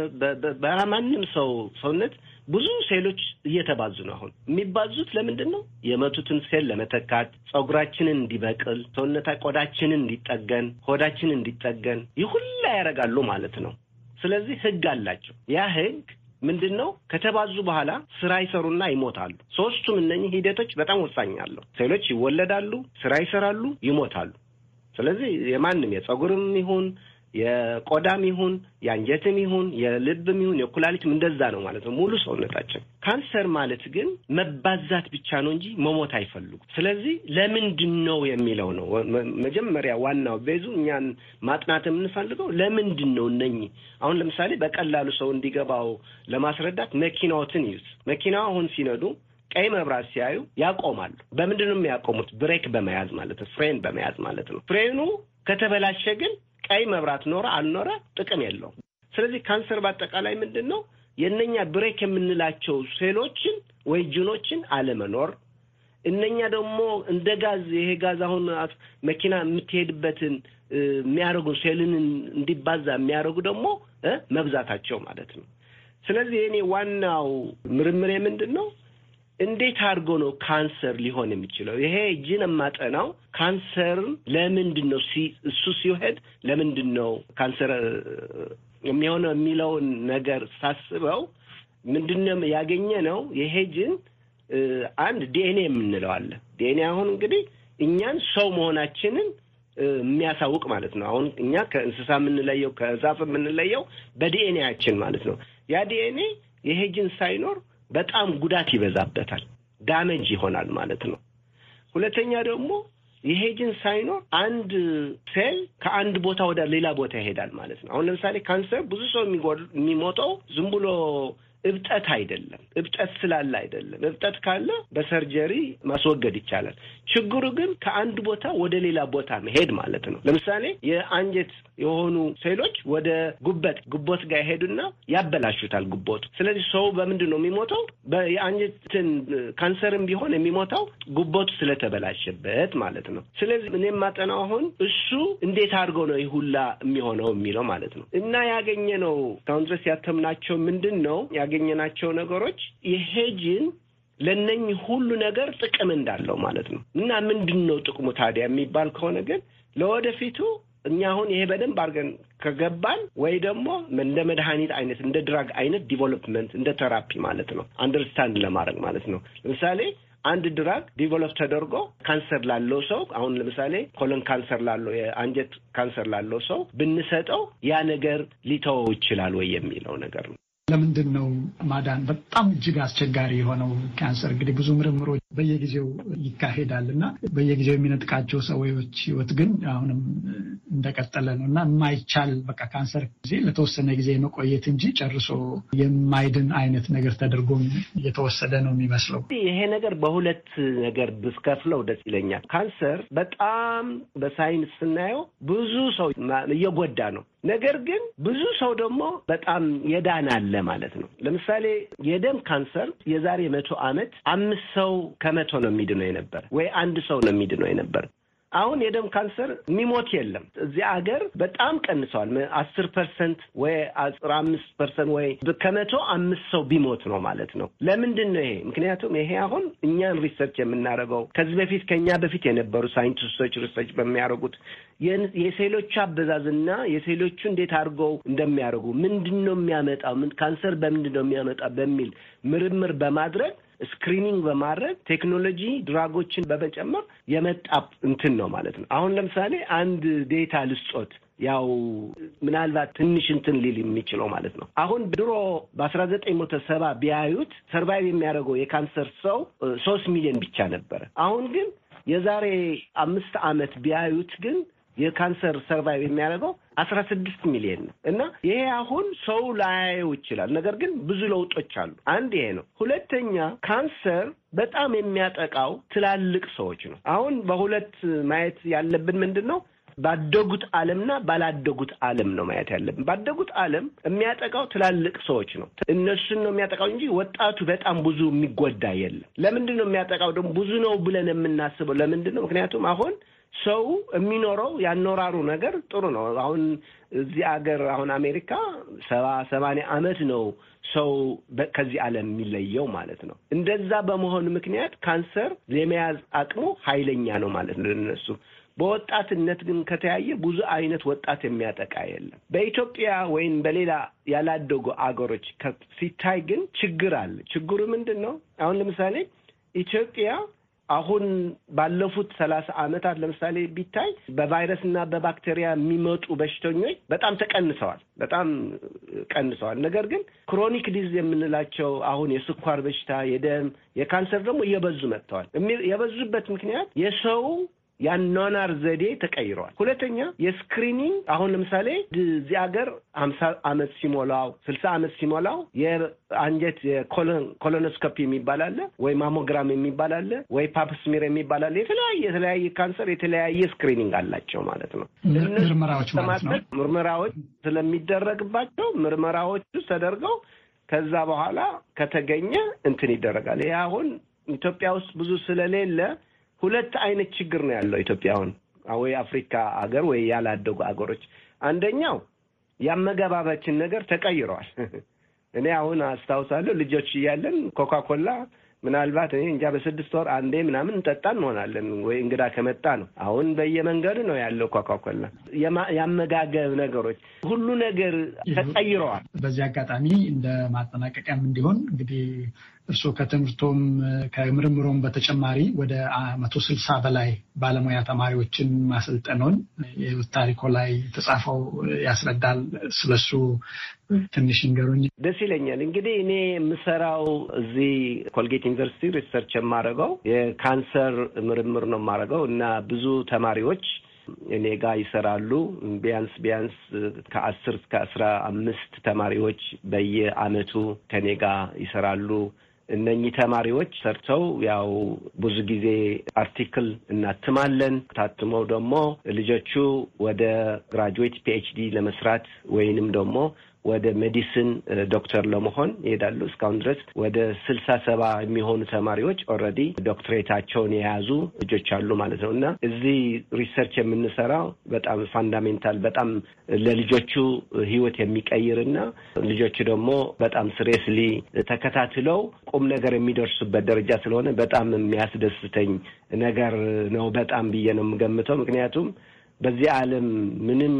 በማንም ሰው ሰውነት ብዙ ሴሎች እየተባዙ ነው። አሁን የሚባዙት ለምንድን ነው? የመቱትን ሴል ለመተካት፣ ጸጉራችንን እንዲበቅል፣ ሰውነታ ቆዳችንን እንዲጠገን፣ ሆዳችንን እንዲጠገን ይሁላ ያደርጋሉ ማለት ነው። ስለዚህ ህግ አላቸው። ያ ህግ ምንድን ነው? ከተባዙ በኋላ ስራ ይሰሩና ይሞታሉ። ሶስቱም እነኚህ ሂደቶች በጣም ወሳኝ አለው። ሴሎች ይወለዳሉ፣ ስራ ይሰራሉ፣ ይሞታሉ። ስለዚህ የማንም የጸጉርም ይሁን የቆዳም ይሁን የአንጀትም ይሁን የልብም ይሁን የኩላሊትም እንደዛ ነው ማለት ነው። ሙሉ ሰውነታችን ካንሰር ማለት ግን መባዛት ብቻ ነው እንጂ መሞት አይፈልጉም። ስለዚህ ለምንድን ነው የሚለው ነው መጀመሪያ ዋናው ቤዙ። እኛን ማጥናት የምንፈልገው ለምንድን ነው እነኚህ አሁን ለምሳሌ በቀላሉ ሰው እንዲገባው ለማስረዳት መኪናዎትን ይዩት። መኪናው አሁን ሲነዱ ቀይ መብራት ሲያዩ ያቆማሉ። በምንድን ነው የሚያቆሙት? ብሬክ በመያዝ ማለት ነው፣ ፍሬን በመያዝ ማለት ነው። ፍሬኑ ከተበላሸ ግን ቀይ መብራት ኖረ አልኖረ ጥቅም የለውም። ስለዚህ ካንሰር በአጠቃላይ ምንድን ነው የእነኛ ብሬክ የምንላቸው ሴሎችን ወይ ጅኖችን አለመኖር እነኛ ደግሞ እንደ ጋዝ ይሄ ጋዝ አሁን መኪና የምትሄድበትን የሚያደርጉ ሴልን እንዲባዛ የሚያደርጉ ደግሞ መብዛታቸው ማለት ነው። ስለዚህ የኔ ዋናው ምርምሬ ምንድን ነው እንዴት አድርጎ ነው ካንሰር ሊሆን የሚችለው? ይሄ እጅን የማጠናው ካንሰርን ለምንድን ነው እሱ ሲሄድ ለምንድን ነው ካንሰር የሚሆነው የሚለውን ነገር ሳስበው ምንድን ነው ያገኘ ነው ይሄ ጅን አንድ ዲኤንኤ የምንለው አለ። ዲኤንኤ አሁን እንግዲህ እኛን ሰው መሆናችንን የሚያሳውቅ ማለት ነው። አሁን እኛ ከእንስሳ የምንለየው ከዛፍ የምንለየው በዲኤንኤያችን ማለት ነው። ያ ዲኤንኤ ይሄ ጅን ሳይኖር በጣም ጉዳት ይበዛበታል፣ ዳመጅ ይሆናል ማለት ነው። ሁለተኛ ደግሞ ይሄ ጅን ሳይኖር አንድ ሴል ከአንድ ቦታ ወደ ሌላ ቦታ ይሄዳል ማለት ነው። አሁን ለምሳሌ ካንሰር ብዙ ሰው የሚሞተው ዝም ብሎ እብጠት አይደለም። እብጠት ስላለ አይደለም። እብጠት ካለ በሰርጀሪ ማስወገድ ይቻላል። ችግሩ ግን ከአንድ ቦታ ወደ ሌላ ቦታ መሄድ ማለት ነው። ለምሳሌ የአንጀት የሆኑ ሴሎች ወደ ጉበት ጉቦት ጋር ይሄዱና ያበላሹታል ጉቦቱ። ስለዚህ ሰው በምንድን ነው የሚሞተው? የአንጀትን ካንሰርም ቢሆን የሚሞተው ጉቦቱ ስለተበላሸበት ማለት ነው። ስለዚህ እኔም የማጠናው አሁን እሱ እንዴት አድርጎ ነው ይህ ሁላ የሚሆነው የሚለው ማለት ነው እና ያገኘ ነው እስካሁን ድረስ ያተምናቸው ምንድን ነው ያገኘናቸው ነገሮች የሄጅን ለነኝ ሁሉ ነገር ጥቅም እንዳለው ማለት ነው እና ምንድን ነው ጥቅሙ ታዲያ የሚባል ከሆነ ግን ለወደፊቱ እኛ አሁን ይሄ በደንብ አድርገን ከገባን ወይ ደግሞ እንደ መድኃኒት አይነት እንደ ድራግ አይነት ዲቨሎፕመንት እንደ ተራፒ ማለት ነው አንደርስታንድ ለማድረግ ማለት ነው። ለምሳሌ አንድ ድራግ ዲቨሎፕ ተደርጎ ካንሰር ላለው ሰው አሁን ለምሳሌ ኮሎን ካንሰር ላለው የአንጀት ካንሰር ላለው ሰው ብንሰጠው ያ ነገር ሊተወው ይችላል ወይ የሚለው ነገር ነው። ለምንድን ነው ማዳን በጣም እጅግ አስቸጋሪ የሆነው ካንሰር? እንግዲህ ብዙ ምርምሮች በየጊዜው ይካሄዳል እና በየጊዜው የሚነጥቃቸው ሰዎች ህይወት ግን አሁንም እንደቀጠለ ነው እና የማይቻል በቃ ካንሰር ጊዜ ለተወሰነ ጊዜ መቆየት እንጂ ጨርሶ የማይድን አይነት ነገር ተደርጎ እየተወሰደ ነው የሚመስለው። ይሄ ነገር በሁለት ነገር ብስከፍለው ደስ ይለኛል። ካንሰር በጣም በሳይንስ ስናየው ብዙ ሰው እየጎዳ ነው። ነገር ግን ብዙ ሰው ደግሞ በጣም የዳን አለ ማለት ነው። ለምሳሌ የደም ካንሰር የዛሬ መቶ ዓመት አምስት ሰው ከመቶ ነው የሚድነው የነበር ወይ አንድ ሰው ነው የሚድነው የነበር። አሁን የደም ካንሰር የሚሞት የለም። እዚህ አገር በጣም ቀንሰዋል። አስር ፐርሰንት ወይ አስራ አምስት ፐርሰንት ወይ ከመቶ አምስት ሰው ቢሞት ነው ማለት ነው። ለምንድን ነው ይሄ? ምክንያቱም ይሄ አሁን እኛን ሪሰርች የምናደርገው ከዚህ በፊት ከእኛ በፊት የነበሩ ሳይንቲስቶች ሪሰርች በሚያደርጉት የሴሎቹ አበዛዝና የሴሎቹ እንዴት አድርገው እንደሚያደርጉ ምንድን ነው የሚያመጣው ካንሰር በምንድን ነው የሚያመጣ በሚል ምርምር በማድረግ ስክሪኒንግ በማድረግ ቴክኖሎጂ ድራጎችን በመጨመር የመጣ እንትን ነው ማለት ነው። አሁን ለምሳሌ አንድ ዴታ ልስጦት ያው ምናልባት ትንሽ እንትን ሊል የሚችለው ማለት ነው። አሁን ድሮ በአስራ ዘጠኝ መቶ ሰባ ቢያዩት ሰርቫይቭ የሚያደርገው የካንሰር ሰው ሶስት ሚሊዮን ብቻ ነበረ። አሁን ግን የዛሬ አምስት ዓመት ቢያዩት ግን የካንሰር ሰርቫይቭ የሚያደርገው አስራ ስድስት ሚሊዮን ነው እና ይሄ አሁን ሰው ላያየው ይችላል። ነገር ግን ብዙ ለውጦች አሉ። አንድ ይሄ ነው። ሁለተኛ ካንሰር በጣም የሚያጠቃው ትላልቅ ሰዎች ነው። አሁን በሁለት ማየት ያለብን ምንድን ነው? ባደጉት ዓለምና ባላደጉት ዓለም ነው ማየት ያለብን። ባደጉት ዓለም የሚያጠቃው ትላልቅ ሰዎች ነው፣ እነሱን ነው የሚያጠቃው እንጂ ወጣቱ በጣም ብዙ የሚጎዳ የለም። ለምንድን ነው የሚያጠቃው? ደግሞ ብዙ ነው ብለን የምናስበው ለምንድን ነው? ምክንያቱም አሁን ሰው የሚኖረው ያኖራሩ ነገር ጥሩ ነው። አሁን እዚህ አገር አሁን አሜሪካ ሰባ ሰማንያ ዓመት ነው ሰው ከዚህ ዓለም የሚለየው ማለት ነው። እንደዛ በመሆን ምክንያት ካንሰር የመያዝ አቅሙ ኃይለኛ ነው ማለት ነው ለነሱ። በወጣትነት ግን ከተያየ ብዙ አይነት ወጣት የሚያጠቃ የለም። በኢትዮጵያ ወይም በሌላ ያላደጉ አገሮች ሲታይ ግን ችግር አለ። ችግሩ ምንድን ነው? አሁን ለምሳሌ ኢትዮጵያ አሁን ባለፉት ሰላሳ ዓመታት ለምሳሌ ቢታይ እና በባክቴሪያ የሚመጡ በሽተኞች በጣም ተቀንሰዋል፣ በጣም ቀንሰዋል። ነገር ግን ክሮኒክ ዲዝ የምንላቸው አሁን የስኳር በሽታ፣ የደም፣ የካንሰር ደግሞ እየበዙ መጥተዋል። የበዙበት ምክንያት የሰው የአኗኗር ዘዴ ተቀይረዋል። ሁለተኛ የስክሪኒንግ አሁን ለምሳሌ እዚህ ሀገር ሀምሳ አመት ሲሞላው ስልሳ አመት ሲሞላው የአንጀት ኮሎኖስኮፒ የሚባል አለ ወይ ማሞግራም የሚባል አለ ወይ ፓፕስሚር የሚባል አለ። የተለያየ የተለያየ ካንሰር የተለያየ ስክሪኒንግ አላቸው ማለት ነው። ምርመራዎች ማለት ነው። ምርመራዎች ስለሚደረግባቸው ምርመራዎቹ ተደርገው ከዛ በኋላ ከተገኘ እንትን ይደረጋል። ይህ አሁን ኢትዮጵያ ውስጥ ብዙ ስለሌለ ሁለት አይነት ችግር ነው ያለው ኢትዮጵያ አሁን ወይ አፍሪካ አገር ወይ ያላደጉ አገሮች። አንደኛው የአመገባባችን ነገር ተቀይረዋል። እኔ አሁን አስታውሳለሁ ልጆች እያለን ኮካኮላ ምናልባት እኔ እንጃ በስድስት ወር አንዴ ምናምን እንጠጣ እንሆናለን ወይ እንግዳ ከመጣ ነው። አሁን በየመንገዱ ነው ያለው ኮካኮላ። የአመጋገብ ነገሮች ሁሉ ነገር ተቀይረዋል። በዚህ አጋጣሚ እንደ ማጠናቀቂያም እንዲሆን እንግዲህ እርስዎ ከትምህርቶም ከምርምሮም በተጨማሪ ወደ መቶ ስልሳ በላይ ባለሙያ ተማሪዎችን ማሰልጠኖን የህይወት ታሪኮ ላይ ተጻፈው ያስረዳል። ስለሱ ትንሽ ንገሩኝ። ደስ ይለኛል። እንግዲህ እኔ የምሰራው እዚህ ኮልጌት ዩኒቨርሲቲ ሪሰርች የማደርገው የካንሰር ምርምር ነው የማደርገው እና ብዙ ተማሪዎች እኔ ጋር ይሰራሉ። ቢያንስ ቢያንስ ከአስር እስከ አስራ አምስት ተማሪዎች በየአመቱ ከኔ ጋር ይሰራሉ። እነኚህ ተማሪዎች ሰርተው ያው ብዙ ጊዜ አርቲክል እናትማለን። ታትመው ደግሞ ልጆቹ ወደ ግራጁዌት ፒኤችዲ ለመስራት ወይንም ደግሞ ወደ ሜዲሲን ዶክተር ለመሆን ይሄዳሉ። እስካሁን ድረስ ወደ ስልሳ ሰባ የሚሆኑ ተማሪዎች ኦልሬዲ ዶክትሬታቸውን የያዙ ልጆች አሉ ማለት ነው እና እዚህ ሪሰርች የምንሰራው በጣም ፋንዳሜንታል በጣም ለልጆቹ ህይወት የሚቀይር እና ልጆቹ ደግሞ በጣም ስሬስሊ ተከታትለው ቁም ነገር የሚደርሱበት ደረጃ ስለሆነ በጣም የሚያስደስተኝ ነገር ነው በጣም ብዬ ነው የምገምተው ምክንያቱም በዚህ ዓለም ምንም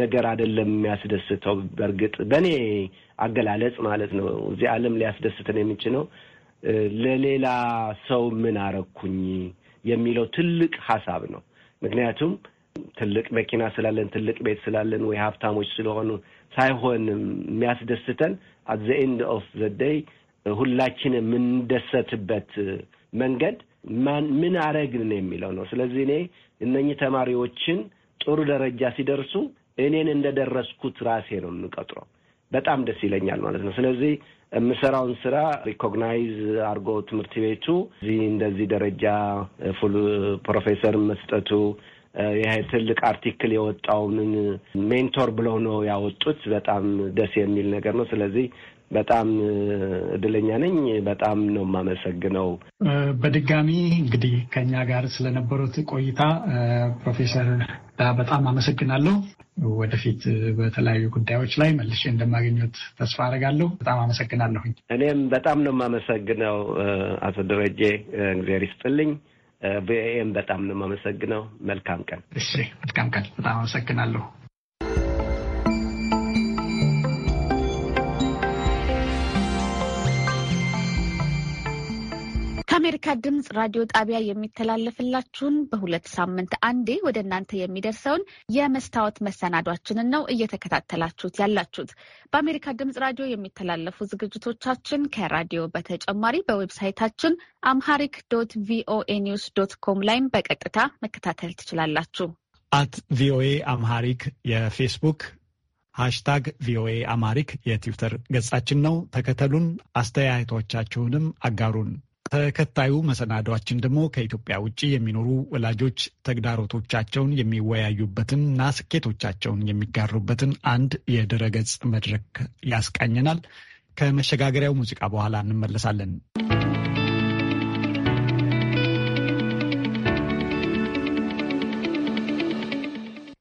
ነገር አይደለም የሚያስደስተው። በእርግጥ በእኔ አገላለጽ ማለት ነው። እዚህ ዓለም ሊያስደስተን የሚችለው ለሌላ ሰው ምን አረኩኝ የሚለው ትልቅ ሀሳብ ነው። ምክንያቱም ትልቅ መኪና ስላለን፣ ትልቅ ቤት ስላለን ወይ ሀብታሞች ስለሆኑ ሳይሆን የሚያስደስተን አት ዘ ኤንድ ኦፍ ዘ ደይ ሁላችን የምንደሰትበት መንገድ ምን አረግን የሚለው ነው። ስለዚህ እኔ እነኚህ ተማሪዎችን ጥሩ ደረጃ ሲደርሱ እኔን እንደደረስኩት ራሴ ነው የምቀጥረው። በጣም ደስ ይለኛል ማለት ነው። ስለዚህ የምሰራውን ስራ ሪኮግናይዝ አድርጎ ትምህርት ቤቱ እዚህ እንደዚህ ደረጃ ፉል ፕሮፌሰር መስጠቱ ይህ ትልቅ አርቲክል የወጣውን ሜንቶር ብለው ነው ያወጡት። በጣም ደስ የሚል ነገር ነው። ስለዚህ በጣም እድለኛ ነኝ። በጣም ነው የማመሰግነው። በድጋሚ እንግዲህ ከኛ ጋር ስለነበሩት ቆይታ ፕሮፌሰር በጣም አመሰግናለሁ። ወደፊት በተለያዩ ጉዳዮች ላይ መልሼ እንደማገኘት ተስፋ አደርጋለሁ። በጣም አመሰግናለሁኝ። እኔም በጣም ነው የማመሰግነው አቶ ደረጀ እግዚአብሔር ይስጥልኝ። ቪኦኤም በጣም ነው የማመሰግነው። መልካም ቀን። እሺ፣ መልካም ቀን። በጣም አመሰግናለሁ። ከአሜሪካ ድምፅ ራዲዮ ጣቢያ የሚተላለፍላችሁን በሁለት ሳምንት አንዴ ወደ እናንተ የሚደርሰውን የመስታወት መሰናዷችንን ነው እየተከታተላችሁት ያላችሁት። በአሜሪካ ድምፅ ራዲዮ የሚተላለፉ ዝግጅቶቻችን ከራዲዮ በተጨማሪ በዌብሳይታችን አምሃሪክ ዶት ቪኦኤ ኒውስ ዶት ኮም ላይም በቀጥታ መከታተል ትችላላችሁ። አት ቪኦኤ አምሃሪክ የፌስቡክ ሃሽታግ ቪኦኤ አማሪክ የትዊተር ገጻችን ነው። ተከተሉን፣ አስተያየቶቻችሁንም አጋሩን። ተከታዩ መሰናዷችን ደግሞ ከኢትዮጵያ ውጭ የሚኖሩ ወላጆች ተግዳሮቶቻቸውን የሚወያዩበትንና ስኬቶቻቸውን የሚጋሩበትን አንድ የድረገጽ መድረክ ያስቃኘናል። ከመሸጋገሪያው ሙዚቃ በኋላ እንመለሳለን።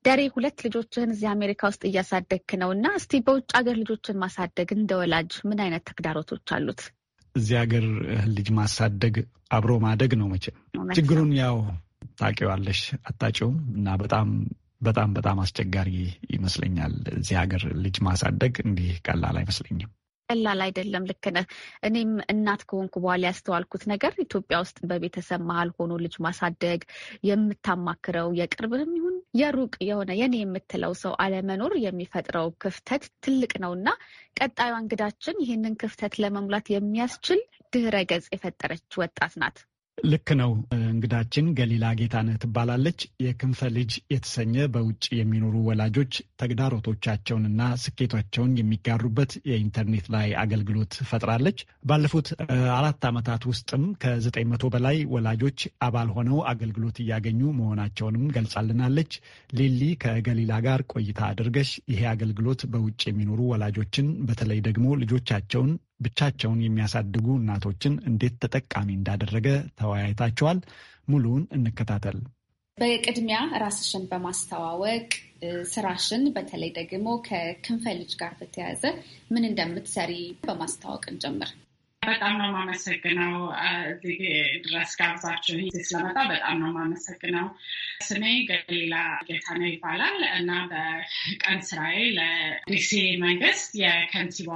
ደሬ ሁለት ልጆችህን እዚህ አሜሪካ ውስጥ እያሳደግክ ነው እና እስቲ በውጭ ሀገር ልጆችን ማሳደግ እንደ ወላጅ ምን አይነት ተግዳሮቶች አሉት? እዚህ ሀገር ልጅ ማሳደግ አብሮ ማደግ ነው። መቼ ችግሩን ያው ታውቂዋለሽ አታጭውም እና በጣም በጣም በጣም አስቸጋሪ ይመስለኛል። እዚህ ሀገር ልጅ ማሳደግ እንዲህ ቀላል አይመስለኝም። ቀላል አይደለም። ልክ ነህ። እኔም እናት ከሆንኩ በኋላ ያስተዋልኩት ነገር ኢትዮጵያ ውስጥ በቤተሰብ መሀል ሆኖ ልጅ ማሳደግ የምታማክረው የቅርብህም ይሁን የሩቅ የሆነ የኔ የምትለው ሰው አለመኖር የሚፈጥረው ክፍተት ትልቅ ነው እና ቀጣዩ እንግዳችን ይህንን ክፍተት ለመሙላት የሚያስችል ድህረ ገጽ የፈጠረች ወጣት ናት። ልክ ነው። እንግዳችን ገሊላ ጌታነህ ትባላለች። የክንፈ ልጅ የተሰኘ በውጭ የሚኖሩ ወላጆች ተግዳሮቶቻቸውንና ስኬቶቻቸውን የሚጋሩበት የኢንተርኔት ላይ አገልግሎት ፈጥራለች። ባለፉት አራት ዓመታት ውስጥም ከዘጠኝ መቶ በላይ ወላጆች አባል ሆነው አገልግሎት እያገኙ መሆናቸውንም ገልጻልናለች። ሊሊ ከገሊላ ጋር ቆይታ አድርገሽ ይሄ አገልግሎት በውጭ የሚኖሩ ወላጆችን በተለይ ደግሞ ልጆቻቸውን ብቻቸውን የሚያሳድጉ እናቶችን እንዴት ተጠቃሚ እንዳደረገ ተወያይታቸዋል። ሙሉውን እንከታተል። በቅድሚያ ራስሽን በማስተዋወቅ ስራሽን በተለይ ደግሞ ከክንፈ ልጅ ጋር በተያያዘ ምን እንደምትሰሪ በማስተዋወቅ እንጀምር። በጣም ነው የማመሰግነው። እዚህ ድረስ ጋብዛችሁ ስለመጣ በጣም ነው የማመሰግነው። ስሜ ገሊላ ጌታነው ይባላል እና በቀን ስራዬ ለዲሲ መንግስት የከንቲባ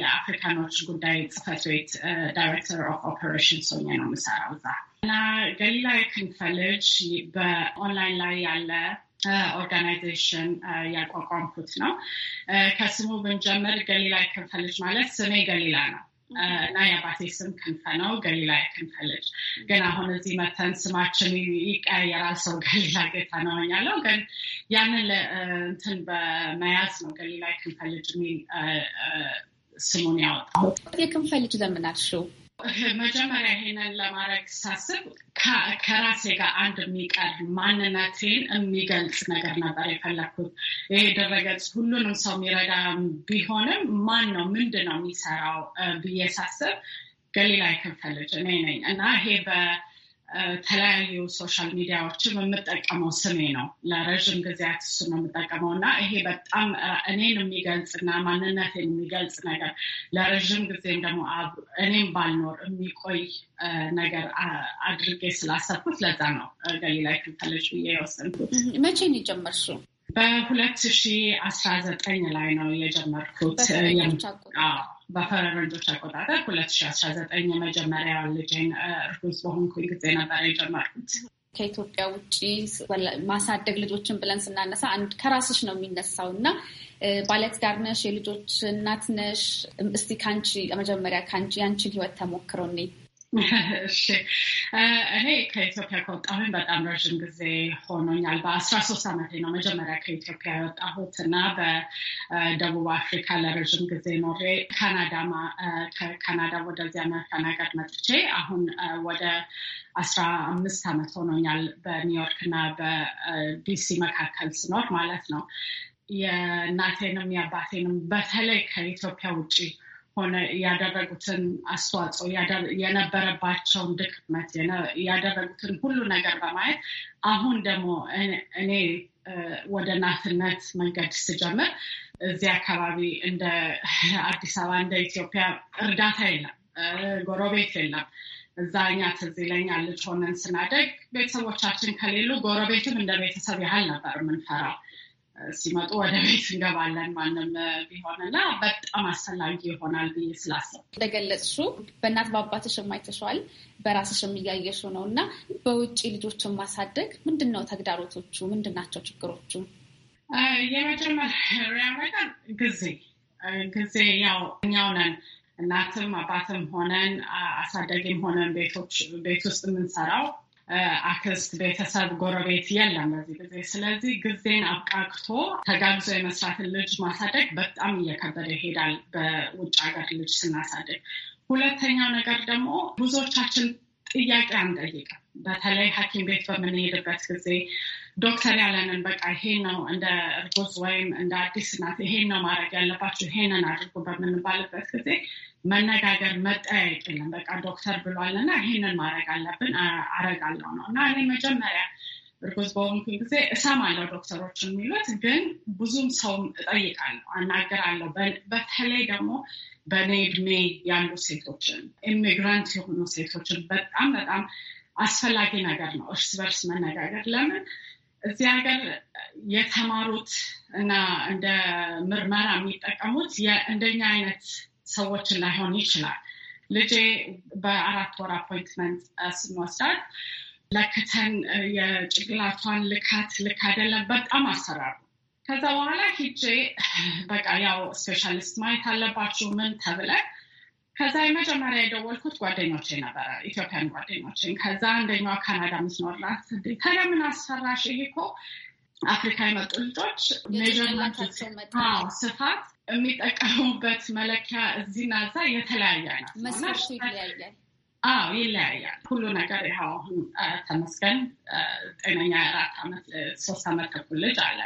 የአፍሪካኖች ጉዳይ ጽህፈት ቤት ዳይሬክተር ኦፍ ኦፐሬሽን ሆኜ ነው የምሰራው እዛ እና ገሊላ የክንፈ ልጅ በኦንላይን ላይ ያለ ኦርጋናይዜሽን ያቋቋምኩት ነው። ከስሙ ብንጀምር ገሊላ የክንፈ ልጅ ማለት ስሜ ገሊላ ነው። ናይ አባቴ ስም ክንፈ ነው፣ ገሊላ የክንፈ ልጅ። ግን አሁን እዚህ መተን ስማችን ይቀያየራል። ሰው ገሊላ ጌታ ነው ያለው፣ ግን ያንን እንትን በመያዝ ነው ገሊላ የክንፈ ልጅ የሚል ስሙን ያወጣሁት። የክንፈ ልጅ ለምን አልሽው? መጀመሪያ ይሄንን ለማድረግ ሳስብ ከራሴ ጋር አንድ የሚቀል ማንነቴን የሚገልጽ ነገር ነበር የፈለግኩት። ይሄ ድረገጽ ሁሉንም ሰው የሚረዳ ቢሆንም ማን ነው ምንድን ነው የሚሰራው ብዬ ሳስብ ገሊላ የከፈለች እኔ ነኝ እና ይሄ ተለያዩ ሶሻል ሚዲያዎችን የምጠቀመው ስሜ ነው። ለረዥም ጊዜያት እሱ ነው የምጠቀመው እና ይሄ በጣም እኔን የሚገልጽና ማንነቴን የሚገልጽ ነገር ለረዥም ጊዜም ደግሞ እኔም ባልኖር የሚቆይ ነገር አድርጌ ስላሰብኩት ለዛ ነው ገሊላ ክንፈለች ብዬ የወሰንኩት። መቼ ነው የጀመርሽው? በሁለት ሺህ አስራ ዘጠኝ ላይ ነው የጀመርኩት። በፈረንጆች አቆጣጠር ሁለት ሺ አስራ ዘጠኝ የመጀመሪያ ልጄን እርጉዝ በሆንኩኝ ጊዜ ነበር የጀመርኩት። ከኢትዮጵያ ውጭ ማሳደግ ልጆችን ብለን ስናነሳ አንድ ከራስሽ ነው የሚነሳው እና ባለትዳር ነሽ፣ የልጆች እናት ነሽ። እስቲ ከአንቺ መጀመሪያ ከአንቺ ያንቺን ህይወት ተሞክረው እሺ እኔ ከኢትዮጵያ ከወጣሁኝ በጣም ረዥም ጊዜ ሆኖኛል። በአስራ ሶስት ዓመቴ ነው መጀመሪያ ከኢትዮጵያ የወጣሁት እና በደቡብ አፍሪካ ለረዥም ጊዜ ኖሬ ከካናዳ ወደዚያ መፈናቀል መጥቼ አሁን ወደ አስራ አምስት ዓመት ሆኖኛል በኒውዮርክ እና በዲሲ መካከል ስኖር ማለት ነው። የእናቴንም የአባቴንም በተለይ ከኢትዮጵያ ውጭ ሆነ ያደረጉትን አስተዋጽኦ የነበረባቸውን ድክመት ያደረጉትን ሁሉ ነገር በማየት አሁን ደግሞ እኔ ወደ እናትነት መንገድ ስጀምር እዚህ አካባቢ እንደ አዲስ አበባ እንደ ኢትዮጵያ እርዳታ የለም፣ ጎረቤት የለም። እዛ እኛ ትዝ ይለኛል ልጅ ሆነን ስናደግ ቤተሰቦቻችን ከሌሉ ጎረቤትም እንደ ቤተሰብ ያህል ነበር የምንፈራው። ሲመጡ ወደ ቤት እንገባለን ማንም ቢሆንና በጣም አስፈላጊ ይሆናል ብዬ ስላሰብ እንደገለጽሹ በእናት በአባትሽ የማይተሸዋል በራስሽ የሚያየሹ ነው እና በውጭ ልጆችን ማሳደግ ምንድን ነው ተግዳሮቶቹ? ምንድን ናቸው ችግሮቹ? የመጀመሪያ ነገር ጊዜ ጊዜ ያው እኛው ነን እናትም አባትም ሆነን አሳደግም ሆነን ቤት ውስጥ የምንሰራው አክስት፣ ቤተሰብ፣ ጎረቤት የለም በዚህ ጊዜ። ስለዚህ ጊዜን አብቃቅቶ ተጋግዞ የመስራትን ልጅ ማሳደግ በጣም እየከበደ ይሄዳል በውጭ ሀገር ልጅ ስናሳደግ። ሁለተኛው ነገር ደግሞ ብዙዎቻችን ጥያቄ አንጠይቅም። በተለይ ሐኪም ቤት በምንሄድበት ጊዜ ዶክተር ያለንን በቃ ይሄ ነው እንደ እርጉዝ ወይም እንደ አዲስ እናት ይሄን ነው ማድረግ ያለባቸው ይሄንን አድርጉ በምንባልበት ጊዜ መነጋገር መጠያየቅ የለም። በቃ ዶክተር ብሏልና ይህንን ማድረግ አለብን አረጋለው ነው እና እኔ መጀመሪያ እርጉዝ በሆንኩኝ ጊዜ እሰማለሁ ዶክተሮች የሚሉት ግን ብዙም ሰው እጠይቃለሁ፣ አናግራለሁ። በተለይ ደግሞ በእኔ እድሜ ያሉ ሴቶችን ኢሚግራንት የሆኑ ሴቶችን በጣም በጣም አስፈላጊ ነገር ነው እርስ በርስ መነጋገር። ለምን እዚህ ሀገር የተማሩት እና እንደ ምርመራ የሚጠቀሙት እንደኛ አይነት ሰዎችን ላይሆን ይችላል። ልጄ በአራት ወር አፖይንትመንት ስንወስዳት ለክተን የጭንቅላቷን ልካት ልክ አይደለም በጣም አሰራሩ። ከዛ በኋላ ሂጄ በቃ ያው ስፔሻሊስት ማየት አለባችሁ ምን ተብለ ከዛ የመጀመሪያ የደወልኩት ጓደኞቼ ነበረ፣ ኢትዮጵያን ጓደኞቼን። ከዛ አንደኛዋ ካናዳ ምትኖርላት ናት። ተለምን አስፈራሽ ይሄ እኮ አፍሪካ የመጡ ልጆች ሜጀርመንት ስፋት የሚጠቀሙበት መለኪያ እዚህና እዛ የተለያየ አይነት መስፈርቱ ይለያያል። አዎ ይለያያል። ሁሉ ነገር ይኸው አሁን ተመስገን ጤነኛ የአራት ዓመት ሶስት ዓመት ተኩል ልጅ አለ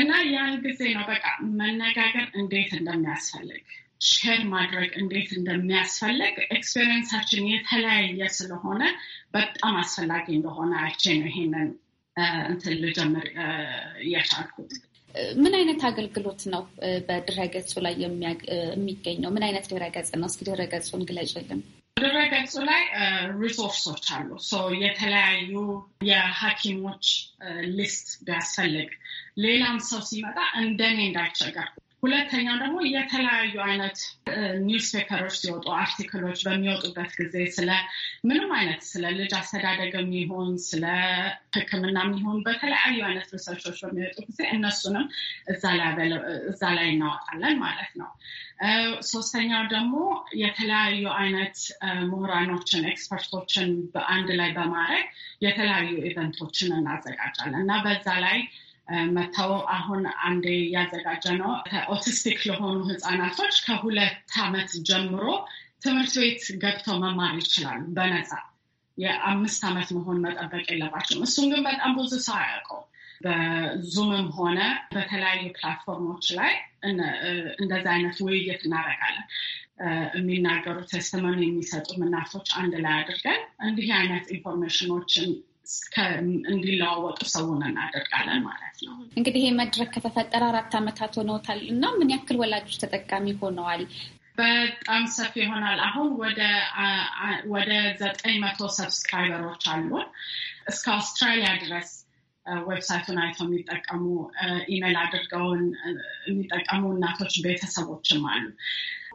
እና ያን ጊዜ ነው በቃ መነጋገር እንዴት እንደሚያስፈልግ ሼር ማድረግ እንዴት እንደሚያስፈልግ ኤክስፔሪንሳችን የተለያየ ስለሆነ በጣም አስፈላጊ እንደሆነ አይቼ ነው ይሄንን እንትን ልጀምር የቻልኩት። ምን አይነት አገልግሎት ነው በድረገጹ ላይ የሚገኘው? ምን አይነት ድረገጽ ነው? እስኪ ድረገጹን ግለጭልን። ድረገጹ ላይ ሪሶርሶች አሉ። የተለያዩ የሐኪሞች ሊስት ቢያስፈልግ ሌላም ሰው ሲመጣ እንደኔ እንዳይቸገር ሁለተኛው ደግሞ የተለያዩ አይነት ኒውስ ፔፐሮች ሲወጡ አርቲክሎች በሚወጡበት ጊዜ ስለ ምንም አይነት ስለ ልጅ አስተዳደግ የሚሆን ስለ ሕክምና የሚሆን በተለያዩ አይነት ሪሰርቾች በሚወጡ ጊዜ እነሱንም እዛ ላይ እናወጣለን ማለት ነው። ሶስተኛው ደግሞ የተለያዩ አይነት ምሁራኖችን ኤክስፐርቶችን በአንድ ላይ በማድረግ የተለያዩ ኢቨንቶችን እናዘጋጃለን እና በዛ ላይ መተው አሁን አንዴ ያዘጋጀ ነው ኦቲስቲክ ለሆኑ ህጻናቶች ከሁለት ዓመት ጀምሮ ትምህርት ቤት ገብተው መማር ይችላሉ በነፃ የአምስት ዓመት መሆን መጠበቅ የለባቸውም። እሱም ግን በጣም ብዙ ሰው አያውቀውም። በዙምም ሆነ በተለያዩ ፕላትፎርሞች ላይ እንደዚ አይነት ውይይት እናደርጋለን። የሚናገሩ ተስተመን የሚሰጡ ምናቶች አንድ ላይ አድርገን እንዲህ አይነት ኢንፎርሜሽኖችን እንዲለዋወጡ ሰውን እናደርጋለን ማለት ነው። እንግዲህ ይህ መድረክ ከተፈጠረ አራት ዓመታት ሆነውታል እና ምን ያክል ወላጆች ተጠቃሚ ሆነዋል? በጣም ሰፊ ይሆናል። አሁን ወደ ዘጠኝ መቶ ሰብስክራይበሮች አሉን እስከ አውስትራሊያ ድረስ ዌብሳይቱን አይተው የሚጠቀሙ ኢሜል አድርገውን የሚጠቀሙ እናቶች ቤተሰቦችም አሉ።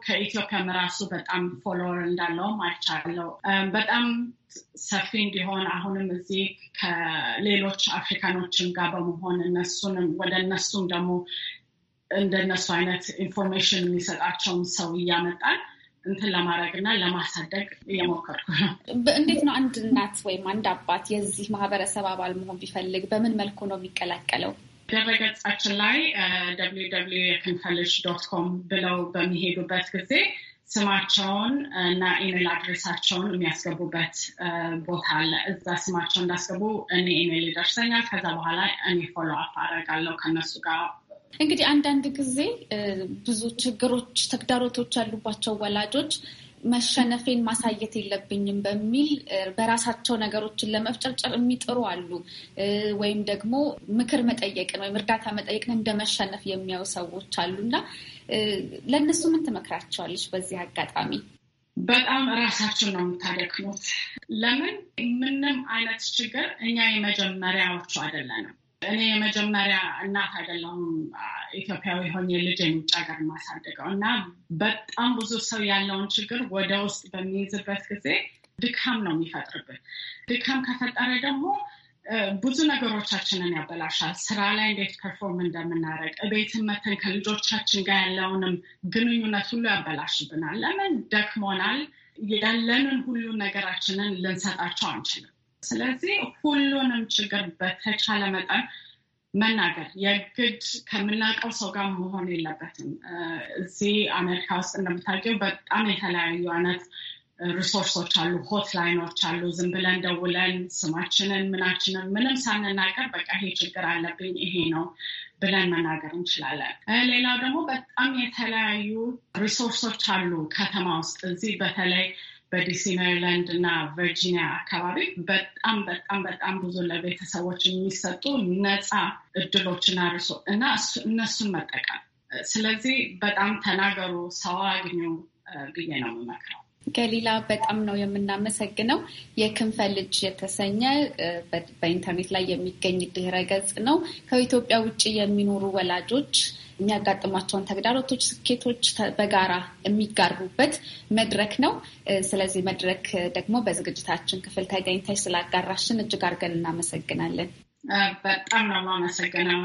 ከኢትዮጵያ ራሱ በጣም ፎሎወር እንዳለውም አይቻለው። um, በጣም ሰፊ እንዲሆን አሁንም እዚህ ከሌሎች አፍሪካኖችም ጋር በመሆን እነሱንም ወደ እነሱም ደግሞ እንደነሱ አይነት ኢንፎርሜሽን የሚሰጣቸውን ሰው እያመጣል እንትን ለማድረግ እና ለማሳደግ እየሞከርኩ ነው። እንዴት ነው አንድ እናት ወይም አንድ አባት የዚህ ማህበረሰብ አባል መሆን ቢፈልግ በምን መልኩ ነው የሚቀላቀለው? ድረገጻችን ላይ ደብሊው ዶት ኮም ብለው በሚሄዱበት ጊዜ ስማቸውን እና ኢሜይል አድሬሳቸውን የሚያስገቡበት ቦታ አለ። እዛ ስማቸውን እንዳስገቡ እኔ ኢሜይል ይደርሰኛል። ከዛ በኋላ እኔ ፎሎ አፕ አደርጋለሁ ከነሱ ጋር። እንግዲህ አንዳንድ ጊዜ ብዙ ችግሮች፣ ተግዳሮቶች ያሉባቸው ወላጆች መሸነፌን ማሳየት የለብኝም በሚል በራሳቸው ነገሮችን ለመፍጨርጨር የሚጥሩ አሉ። ወይም ደግሞ ምክር መጠየቅን ወይም እርዳታ መጠየቅን እንደ መሸነፍ የሚያዩ ሰዎች አሉ እና ለእነሱ ምን ትመክራቸዋለች? በዚህ አጋጣሚ በጣም ራሳችን ነው የምታደክሙት። ለምን ምንም አይነት ችግር እኛ የመጀመሪያዎቹ አይደለንም። እኔ የመጀመሪያ እናት አይደለሁም ኢትዮጵያዊ ሆኜ የልጅ የውጭ ሀገር ማሳደገው እና በጣም ብዙ ሰው ያለውን ችግር ወደ ውስጥ በሚይዝበት ጊዜ ድካም ነው የሚፈጥርብን። ድካም ከፈጠረ ደግሞ ብዙ ነገሮቻችንን ያበላሻል። ስራ ላይ እንዴት ፐርፎርም እንደምናደርግ እቤትን መተን ከልጆቻችን ጋር ያለውንም ግንኙነት ሁሉ ያበላሽብናል። ለምን ደክሞናል። ያለንን ሁሉ ነገራችንን ልንሰጣቸው አንችልም። ስለዚህ ሁሉንም ችግር በተቻለ መጠን መናገር የግድ ከምናውቀው ሰው ጋር መሆን የለበትም። እዚህ አሜሪካ ውስጥ እንደምታውቂው በጣም የተለያዩ አይነት ሪሶርሶች አሉ፣ ሆትላይኖች አሉ። ዝም ብለን ደውለን ስማችንን ምናችንን ምንም ሳንናገር በቃ ይሄ ችግር አለብኝ ይሄ ነው ብለን መናገር እንችላለን። ሌላው ደግሞ በጣም የተለያዩ ሪሶርሶች አሉ ከተማ ውስጥ እዚህ በተለይ በዲሲ ሜሪላንድ እና ቨርጂኒያ አካባቢ በጣም በጣም በጣም ብዙ ለቤተሰቦች የሚሰጡ ነፃ እድሎችን ርሶ እና እነሱን መጠቀም። ስለዚህ በጣም ተናገሩ፣ ሰው አግኙ ብዬ ነው የምመክረው። ገሊላ በጣም ነው የምናመሰግነው። የክንፈ ልጅ የተሰኘ በኢንተርኔት ላይ የሚገኝ ድህረ ገጽ ነው። ከኢትዮጵያ ውጭ የሚኖሩ ወላጆች የሚያጋጥሟቸውን ተግዳሮቶች፣ ስኬቶች በጋራ የሚጋሩበት መድረክ ነው። ስለዚህ መድረክ ደግሞ በዝግጅታችን ክፍል ተገኝታች ስላጋራሽን እጅግ አድርገን እናመሰግናለን። በጣም ነው የማመሰግነው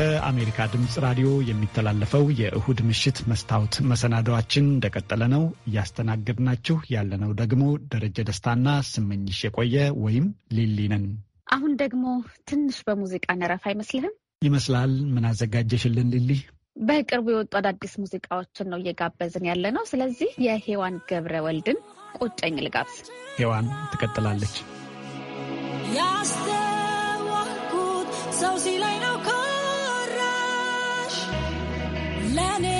ከአሜሪካ ድምፅ ራዲዮ የሚተላለፈው የእሁድ ምሽት መስታወት መሰናዶዋችን እንደቀጠለ ነው። እያስተናገድናችሁ ያለነው ደግሞ ደረጀ ደስታና ስመኝሽ የቆየ ወይም ሊሊ ነን። አሁን ደግሞ ትንሽ በሙዚቃ ነረፍ አይመስልህም? ይመስላል። ምን አዘጋጀሽልን ሊሊ? በቅርቡ የወጡ አዳዲስ ሙዚቃዎችን ነው እየጋበዝን ያለ ነው። ስለዚህ የሔዋን ገብረ ወልድን ቁጨኝ ልጋብዝ። ሔዋን ትቀጥላለች። ያስተዋልኩት ሰው ሲላይ ነው landed.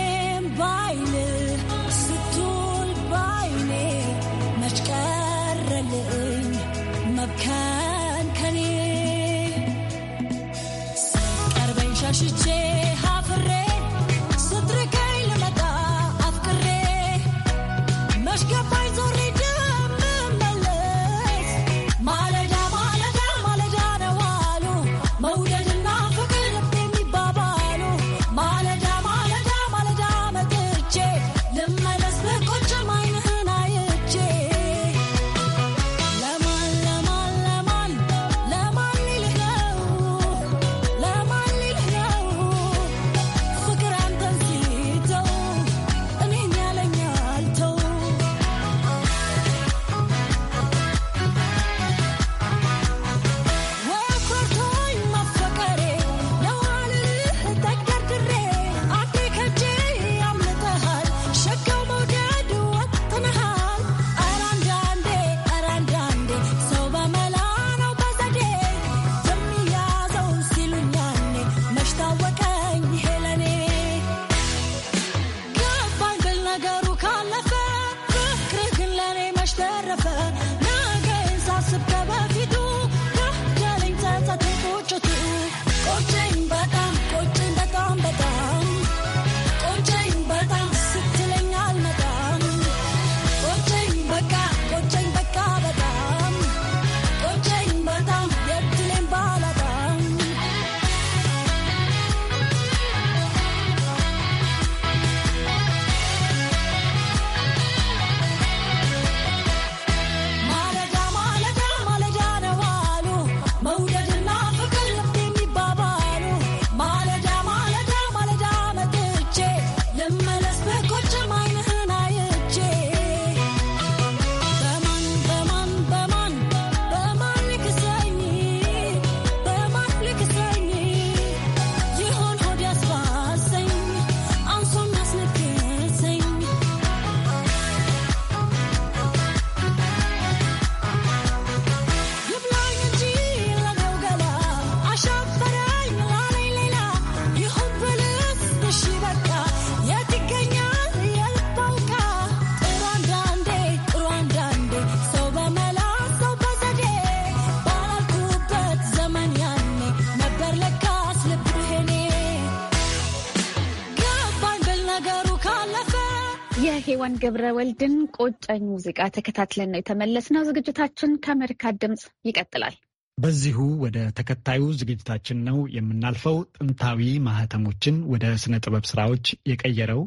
ዋን ገብረ ወልድን ቆጨኝ ሙዚቃ ተከታትለን ነው የተመለስነው። ዝግጅታችን ከአሜሪካ ድምፅ ይቀጥላል። በዚሁ ወደ ተከታዩ ዝግጅታችን ነው የምናልፈው። ጥንታዊ ማህተሞችን ወደ ስነ ጥበብ ስራዎች የቀየረው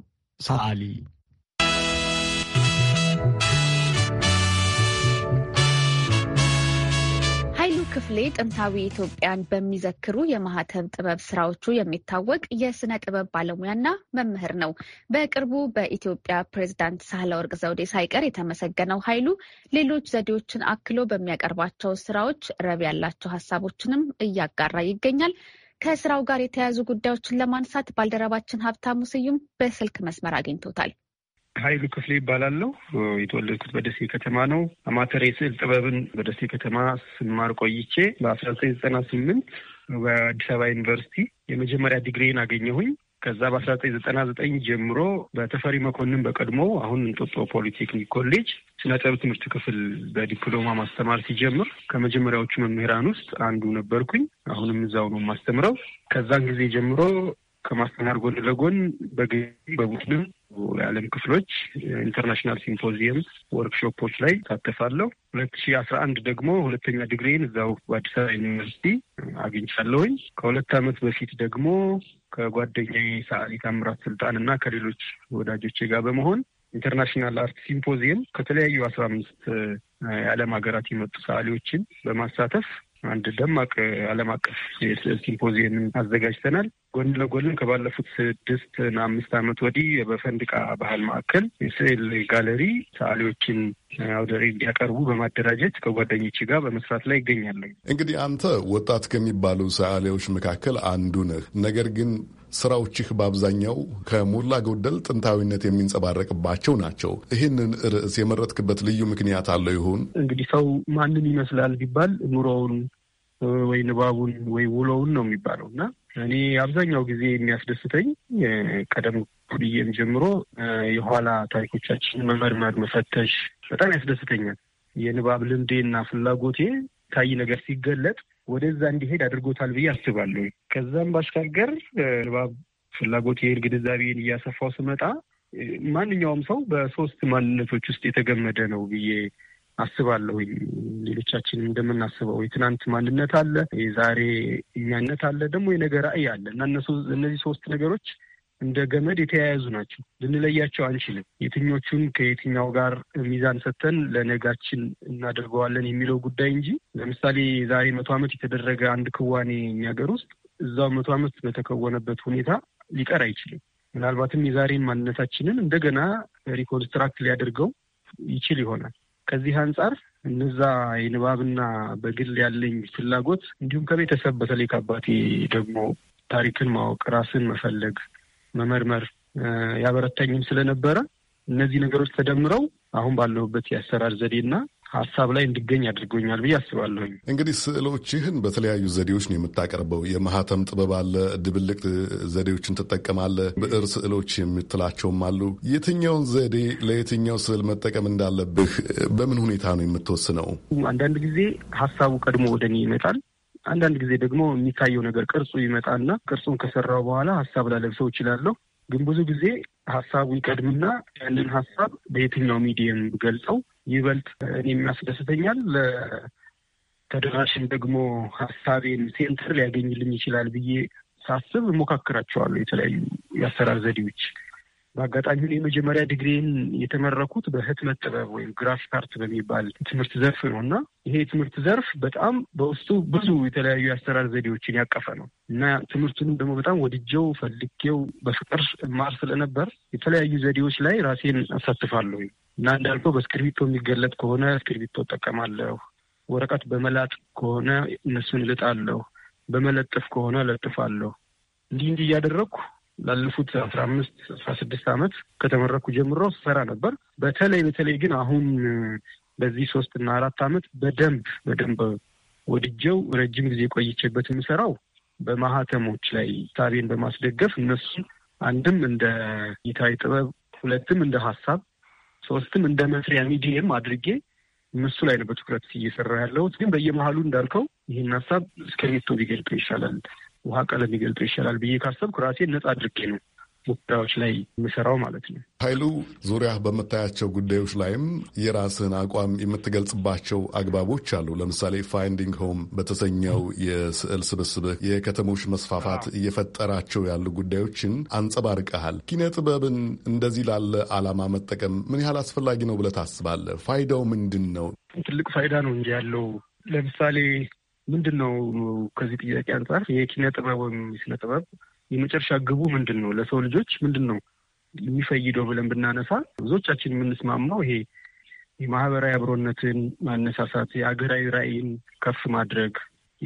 ሰዓሊ ክፍሌ ጥንታዊ ኢትዮጵያን በሚዘክሩ የማህተብ ጥበብ ስራዎቹ የሚታወቅ የስነ ጥበብ ባለሙያና መምህር ነው። በቅርቡ በኢትዮጵያ ፕሬዝዳንት ሳህለወርቅ ዘውዴ ሳይቀር የተመሰገነው ኃይሉ ሌሎች ዘዴዎችን አክሎ በሚያቀርባቸው ስራዎች ረብ ያላቸው ሀሳቦችንም እያጋራ ይገኛል። ከስራው ጋር የተያያዙ ጉዳዮችን ለማንሳት ባልደረባችን ሀብታሙ ስዩም በስልክ መስመር አግኝቶታል። ሀይሉ ክፍሌ ይባላለሁ። የተወለድኩት በደሴ ከተማ ነው። አማተር የስዕል ጥበብን በደሴ ከተማ ስማር ቆይቼ በአስራ ዘጠኝ ዘጠና ስምንት በአዲስ አበባ ዩኒቨርሲቲ የመጀመሪያ ዲግሪን አገኘሁኝ። ከዛ በአስራ ዘጠኝ ዘጠና ዘጠኝ ጀምሮ በተፈሪ መኮንን በቀድሞ አሁን እንጦጦ ፖሊቴክኒክ ኮሌጅ ስነ ጥበብ ትምህርት ክፍል በዲፕሎማ ማስተማር ሲጀምር ከመጀመሪያዎቹ መምህራን ውስጥ አንዱ ነበርኩኝ። አሁንም እዛው ነው የማስተምረው። ከዛን ጊዜ ጀምሮ ከማስተማር ጎን ለጎን በግ በቡድንም የዓለም ክፍሎች ኢንተርናሽናል ሲምፖዚየም ወርክሾፖች ላይ ታተፋለሁ። ሁለት ሺ አስራ አንድ ደግሞ ሁለተኛ ዲግሪን እዛው በአዲስ አበባ ዩኒቨርሲቲ አግኝቻለሁኝ። ከሁለት ዓመት በፊት ደግሞ ከጓደኛዬ ሰዓሊ ታምራት ስልጣን እና ከሌሎች ወዳጆቼ ጋር በመሆን ኢንተርናሽናል አርት ሲምፖዚየም ከተለያዩ አስራ አምስት የዓለም ሀገራት የመጡ ሰዓሊዎችን በማሳተፍ አንድ ደማቅ ዓለም አቀፍ የስዕል ሲምፖዚየም አዘጋጅተናል። ጎን ለጎንም ከባለፉት ስድስት እና አምስት ዓመት ወዲህ በፈንድቃ ባህል ማዕከል የስዕል ጋለሪ ሰዓሊዎችን አውደሪ እንዲያቀርቡ በማደራጀት ከጓደኞች ጋር በመስራት ላይ ይገኛለሁ። እንግዲህ አንተ ወጣት ከሚባሉ ሰዓሊዎች መካከል አንዱ ነህ። ነገር ግን ስራዎችህ በአብዛኛው ከሞላ ጎደል ጥንታዊነት የሚንጸባረቅባቸው ናቸው። ይህንን ርዕስ የመረጥክበት ልዩ ምክንያት አለው ይሆን? እንግዲህ ሰው ማንን ይመስላል ቢባል ኑሮውን ወይ ንባቡን ወይ ውሎውን ነው የሚባለው እና እኔ አብዛኛው ጊዜ የሚያስደስተኝ ቀደም ብዬም ጀምሮ የኋላ ታሪኮቻችን መመርመር፣ መፈተሽ በጣም ያስደስተኛል። የንባብ እና ፍላጎቴ ታይ ነገር ሲገለጥ ወደዛ እንዲሄድ አድርጎታል ብዬ አስባለሁ። ከዛም ባሻገር ንባብ ፍላጎት የሄድ ግንዛቤን እያሰፋው ስመጣ ማንኛውም ሰው በሶስት ማንነቶች ውስጥ የተገመደ ነው ብዬ አስባለሁ። ሌሎቻችንም እንደምናስበው የትናንት ማንነት አለ፣ የዛሬ እኛነት አለ፣ ደግሞ የነገ ራዕይ አለ እና እነዚህ ሶስት ነገሮች እንደ ገመድ የተያያዙ ናቸው። ልንለያቸው አንችልም። የትኞቹን ከየትኛው ጋር ሚዛን ሰጥተን ለነጋችን እናደርገዋለን የሚለው ጉዳይ እንጂ ለምሳሌ ዛሬ መቶ ዓመት የተደረገ አንድ ክዋኔ የሚያገር ውስጥ እዛው መቶ ዓመት በተከወነበት ሁኔታ ሊቀር አይችልም። ምናልባትም የዛሬን ማንነታችንን እንደገና ሪኮንስትራክት ሊያደርገው ይችል ይሆናል። ከዚህ አንጻር እነዛ የንባብና በግል ያለኝ ፍላጎት እንዲሁም ከቤተሰብ በተለይ ከአባቴ ደግሞ ታሪክን ማወቅ፣ ራስን መፈለግ መመርመር ያበረታኝም ስለነበረ እነዚህ ነገሮች ተደምረው አሁን ባለሁበት የአሰራር ዘዴና ሀሳብ ላይ እንድገኝ አድርጎኛል ብዬ አስባለሁኝ። እንግዲህ ስዕሎችህን በተለያዩ ዘዴዎች ነው የምታቀርበው። የማህተም ጥበብ አለ፣ ድብልቅ ዘዴዎችን ትጠቀማለህ፣ ብዕር ስዕሎች የምትላቸውም አሉ። የትኛውን ዘዴ ለየትኛው ስዕል መጠቀም እንዳለብህ በምን ሁኔታ ነው የምትወስነው? አንዳንድ ጊዜ ሀሳቡ ቀድሞ ወደ እኔ ይመጣል። አንዳንድ ጊዜ ደግሞ የሚታየው ነገር ቅርጹ ይመጣና ቅርጹን ከሰራው በኋላ ሀሳብ ላለብሰው ይችላለሁ። ግን ብዙ ጊዜ ሀሳቡ ይቀድምና ያንን ሀሳብ በየትኛው ሚዲየም ገልጸው ይበልጥ እኔም ያስደስተኛል ለተደራሽም ደግሞ ሀሳቤን ሴንተር ሊያገኝልኝ ይችላል ብዬ ሳስብ እሞካክራቸዋለሁ የተለያዩ የአሰራር ዘዴዎች በአጋጣሚ ሁን የመጀመሪያ ዲግሪን የተመረኩት በህትመት ጥበብ ወይም ግራፊክ አርት በሚባል ትምህርት ዘርፍ ነው እና ይሄ ትምህርት ዘርፍ በጣም በውስጡ ብዙ የተለያዩ የአሰራር ዘዴዎችን ያቀፈ ነው እና ትምህርቱንም ደግሞ በጣም ወድጀው ፈልጌው በፍቅር ማር ስለነበር የተለያዩ ዘዴዎች ላይ ራሴን አሳትፋለሁ እና እንዳልከው በእስክርቢቶ የሚገለጥ ከሆነ እስክርቢቶ እጠቀማለሁ። ወረቀት በመላጥ ከሆነ እነሱን እልጣለሁ። በመለጠፍ ከሆነ እለጥፋለሁ። እንዲህ እንዲህ እያደረግኩ ላለፉት አስራ አምስት አስራ ስድስት ዓመት ከተመረኩ ጀምሮ ስሰራ ነበር። በተለይ በተለይ ግን አሁን በዚህ ሶስት እና አራት ዓመት በደንብ በደንብ ወድጀው ረጅም ጊዜ ቆይቼበት የምሰራው በማህተሞች ላይ ታቤን በማስደገፍ እነሱ አንድም እንደ ጌታዊ ጥበብ፣ ሁለትም እንደ ሀሳብ፣ ሶስትም እንደ መስሪያ ሚዲየም አድርጌ እነሱ ላይ ነው በትኩረት እየሰራ ያለሁት። ግን በየመሀሉ እንዳልከው ይህን ሀሳብ እስክሪብቶ ቢገልጠው ይሻላል ውሃ ቀለም ይገልጠው ይሻላል ብዬ ካሰብኩ ራሴን ነጻ አድርጌ ነው ጉዳዮች ላይ የሚሰራው ማለት ነው። ኃይሉ ዙሪያ በምታያቸው ጉዳዮች ላይም የራስህን አቋም የምትገልጽባቸው አግባቦች አሉ። ለምሳሌ ፋይንዲንግ ሆም በተሰኘው የስዕል ስብስብህ የከተሞች መስፋፋት እየፈጠራቸው ያሉ ጉዳዮችን አንጸባርቀሃል። ኪነ ጥበብን እንደዚህ ላለ ዓላማ መጠቀም ምን ያህል አስፈላጊ ነው ብለህ ታስባለህ? ፋይዳው ምንድን ነው? ትልቅ ፋይዳ ነው እንጂ ያለው ለምሳሌ ምንድን ነው ከዚህ ጥያቄ አንጻር የኪነ ጥበብ ወይም የስነ ጥበብ የመጨረሻ ግቡ ምንድን ነው? ለሰው ልጆች ምንድን ነው የሚፈይደው ብለን ብናነሳ ብዙዎቻችን የምንስማማው ይሄ የማህበራዊ አብሮነትን ማነሳሳት፣ የአገራዊ ራዕይን ከፍ ማድረግ፣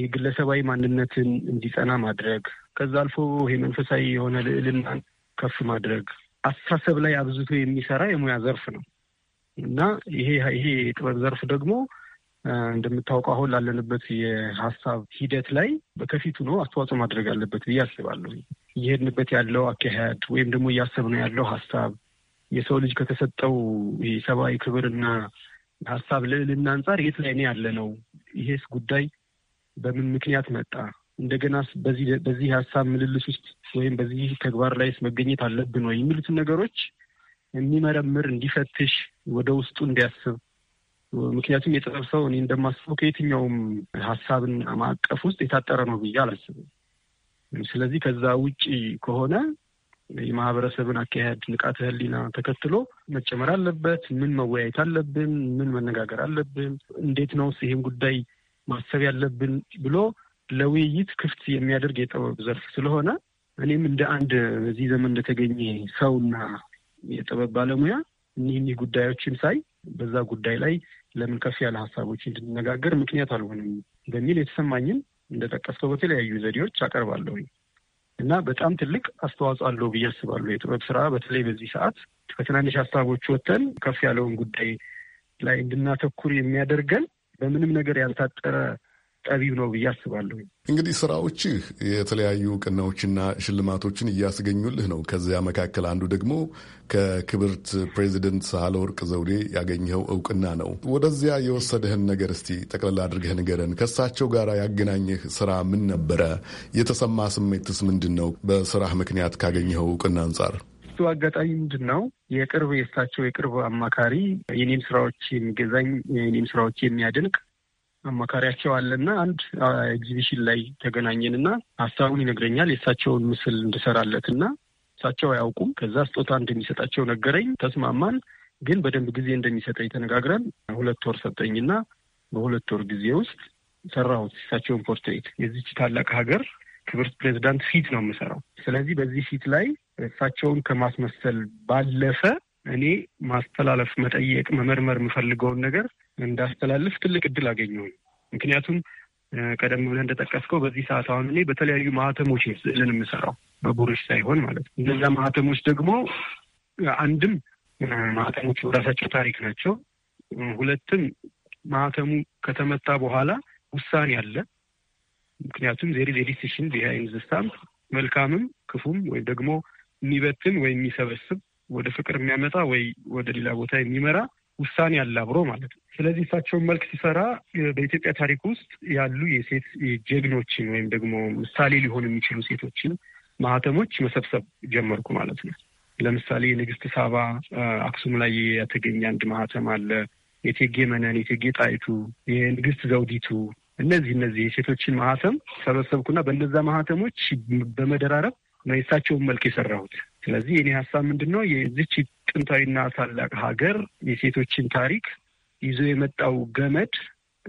የግለሰባዊ ማንነትን እንዲጸና ማድረግ፣ ከዛ አልፎ ይሄ መንፈሳዊ የሆነ ልዕልናን ከፍ ማድረግ አስተሳሰብ ላይ አብዝቶ የሚሰራ የሙያ ዘርፍ ነው እና ይሄ ይሄ የጥበብ ዘርፍ ደግሞ እንደምታውቀው አሁን ላለንበት የሀሳብ ሂደት ላይ በከፊቱ ነው አስተዋጽኦ ማድረግ አለበት ብዬ አስባለሁ። እየሄድንበት ያለው አካሄድ ወይም ደግሞ እያሰብነው ያለው ሀሳብ የሰው ልጅ ከተሰጠው የሰብአዊ ክብርና ሀሳብ ልዕልና አንጻር የት ላይ ነው ያለ ነው? ይሄስ ጉዳይ በምን ምክንያት መጣ? እንደገና በዚህ ሀሳብ ምልልስ ውስጥ ወይም በዚህ ተግባር ላይስ መገኘት አለብን ወይ የሚሉትን ነገሮች የሚመረምር እንዲፈትሽ፣ ወደ ውስጡ እንዲያስብ ምክንያቱም የጥበብ ሰው እኔ እንደማስበው ከየትኛውም ሀሳብና ማዕቀፍ ውስጥ የታጠረ ነው ብዬ አላስብም። ስለዚህ ከዛ ውጪ ከሆነ የማህበረሰብን አካሄድ ንቃተ ህሊና ተከትሎ መጨመር አለበት። ምን መወያየት አለብን? ምን መነጋገር አለብን? እንዴት ነው ይህም ጉዳይ ማሰብ ያለብን ብሎ ለውይይት ክፍት የሚያደርግ የጥበብ ዘርፍ ስለሆነ እኔም እንደ አንድ በዚህ ዘመን እንደተገኘ ሰውና የጥበብ ባለሙያ እኒህ እኒህ ጉዳዮችን ሳይ በዛ ጉዳይ ላይ ለምን ከፍ ያለ ሀሳቦች እንድንነጋገር ምክንያት አልሆንም በሚል የተሰማኝን እንደጠቀስከው በተለያዩ ዘዴዎች አቀርባለሁ እና በጣም ትልቅ አስተዋጽኦ አለው ብዬ አስባለሁ። የጥበብ ስራ በተለይ በዚህ ሰዓት ከትናንሽ ሀሳቦች ወጥተን ከፍ ያለውን ጉዳይ ላይ እንድናተኩር የሚያደርገን በምንም ነገር ያልታጠረ ጠቢብ ነው ብዬ አስባለሁ። እንግዲህ ስራዎችህ የተለያዩ እውቅናዎችና ሽልማቶችን እያስገኙልህ ነው። ከዚያ መካከል አንዱ ደግሞ ከክብርት ፕሬዚደንት ሳህለወርቅ ዘውዴ ያገኘኸው እውቅና ነው። ወደዚያ የወሰደህን ነገር እስቲ ጠቅለል አድርገህ ንገረን። ከእሳቸው ጋር ያገናኘህ ስራ ምን ነበረ? የተሰማ ስሜትስ ምንድን ነው? በስራህ ምክንያት ካገኘኸው እውቅና አንጻር እሱ አጋጣሚ ምንድን ነው የቅርብ የእሳቸው የቅርብ አማካሪ የኔም ስራዎች የሚገዛኝ የኔም ስራዎች የሚያደንቅ አማካሪያቸው አለና አንድ ኤግዚቢሽን ላይ ተገናኘንና ሀሳቡን ይነግረኛል። የእሳቸውን ምስል እንድሰራለት እሳቸው አያውቁም። ከዛ ስጦታ እንደሚሰጣቸው ነገረኝ። ተስማማን። ግን በደንብ ጊዜ እንደሚሰጠኝ ተነጋግረን ሁለት ወር ሰጠኝና በሁለት ወር ጊዜ ውስጥ ሰራሁት እሳቸውን ፖርትሬት የዚች ታላቅ ሀገር ክብርት ፕሬዚዳንት ፊት ነው የምሰራው። ስለዚህ በዚህ ፊት ላይ እሳቸውን ከማስመሰል ባለፈ እኔ ማስተላለፍ፣ መጠየቅ፣ መመርመር የምፈልገውን ነገር እንዳስተላልፍ ትልቅ እድል አገኘሁኝ። ምክንያቱም ቀደም ብለህ እንደጠቀስከው በዚህ ሰዓት አሁን እኔ በተለያዩ ማህተሞች ስዕልን የምሰራው በቡሩሽ ሳይሆን ማለት ነው። እነዛ ማህተሞች ደግሞ አንድም ማህተሞች በራሳቸው ታሪክ ናቸው። ሁለትም ማህተሙ ከተመታ በኋላ ውሳኔ አለ። ምክንያቱም ዜሪ ኢዝ ቢሃይንድ ዘ ስታምፕ፣ መልካምም ክፉም፣ ወይም ደግሞ የሚበትን ወይ የሚሰበስብ ወደ ፍቅር የሚያመጣ ወይ ወደ ሌላ ቦታ የሚመራ ውሳኔ አለ አብሮ ማለት ነው። ስለዚህ እሳቸውን መልክ ሲሰራ በኢትዮጵያ ታሪክ ውስጥ ያሉ የሴት ጀግኖችን ወይም ደግሞ ምሳሌ ሊሆኑ የሚችሉ ሴቶችን ማህተሞች መሰብሰብ ጀመርኩ ማለት ነው። ለምሳሌ የንግስት ሳባ አክሱም ላይ የተገኘ አንድ ማህተም አለ። የቴጌ መነን፣ የቴጌ ጣይቱ፣ የንግስት ዘውዲቱ እነዚህ እነዚህ የሴቶችን ማህተም ሰበሰብኩና በእነዛ ማህተሞች በመደራረብ ነው የእሳቸውን መልክ የሰራሁት። ስለዚህ የኔ ሀሳብ ምንድን ነው የዚች ጥንታዊና ታላቅ ሀገር የሴቶችን ታሪክ ይዞ የመጣው ገመድ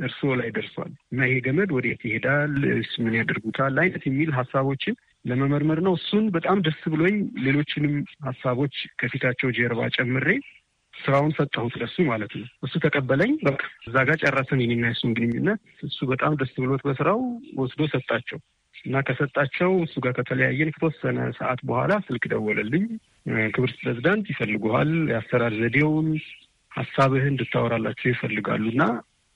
እርስዎ ላይ ደርሷል እና ይሄ ገመድ ወዴት ይሄዳል፣ ምን ያደርጉታል አይነት የሚል ሀሳቦችን ለመመርመር ነው። እሱን በጣም ደስ ብሎኝ ሌሎችንም ሀሳቦች ከፊታቸው ጀርባ ጨምሬ ስራውን ሰጠሁት ለሱ ማለት ነው። እሱ ተቀበለኝ። በቃ እዛ ጋር ጨረስን የኔና የሱን ግንኙነት። እሱ በጣም ደስ ብሎት በስራው ወስዶ ሰጣቸው። እና ከሰጣቸው እሱ ጋር ከተለያየን ከተወሰነ ሰዓት በኋላ ስልክ ደወለልኝ። ክብርት ፕሬዚዳንት ይፈልጉሃል፣ የአሰራር ዘዴውን ሀሳብህን እንድታወራላቸው ይፈልጋሉ እና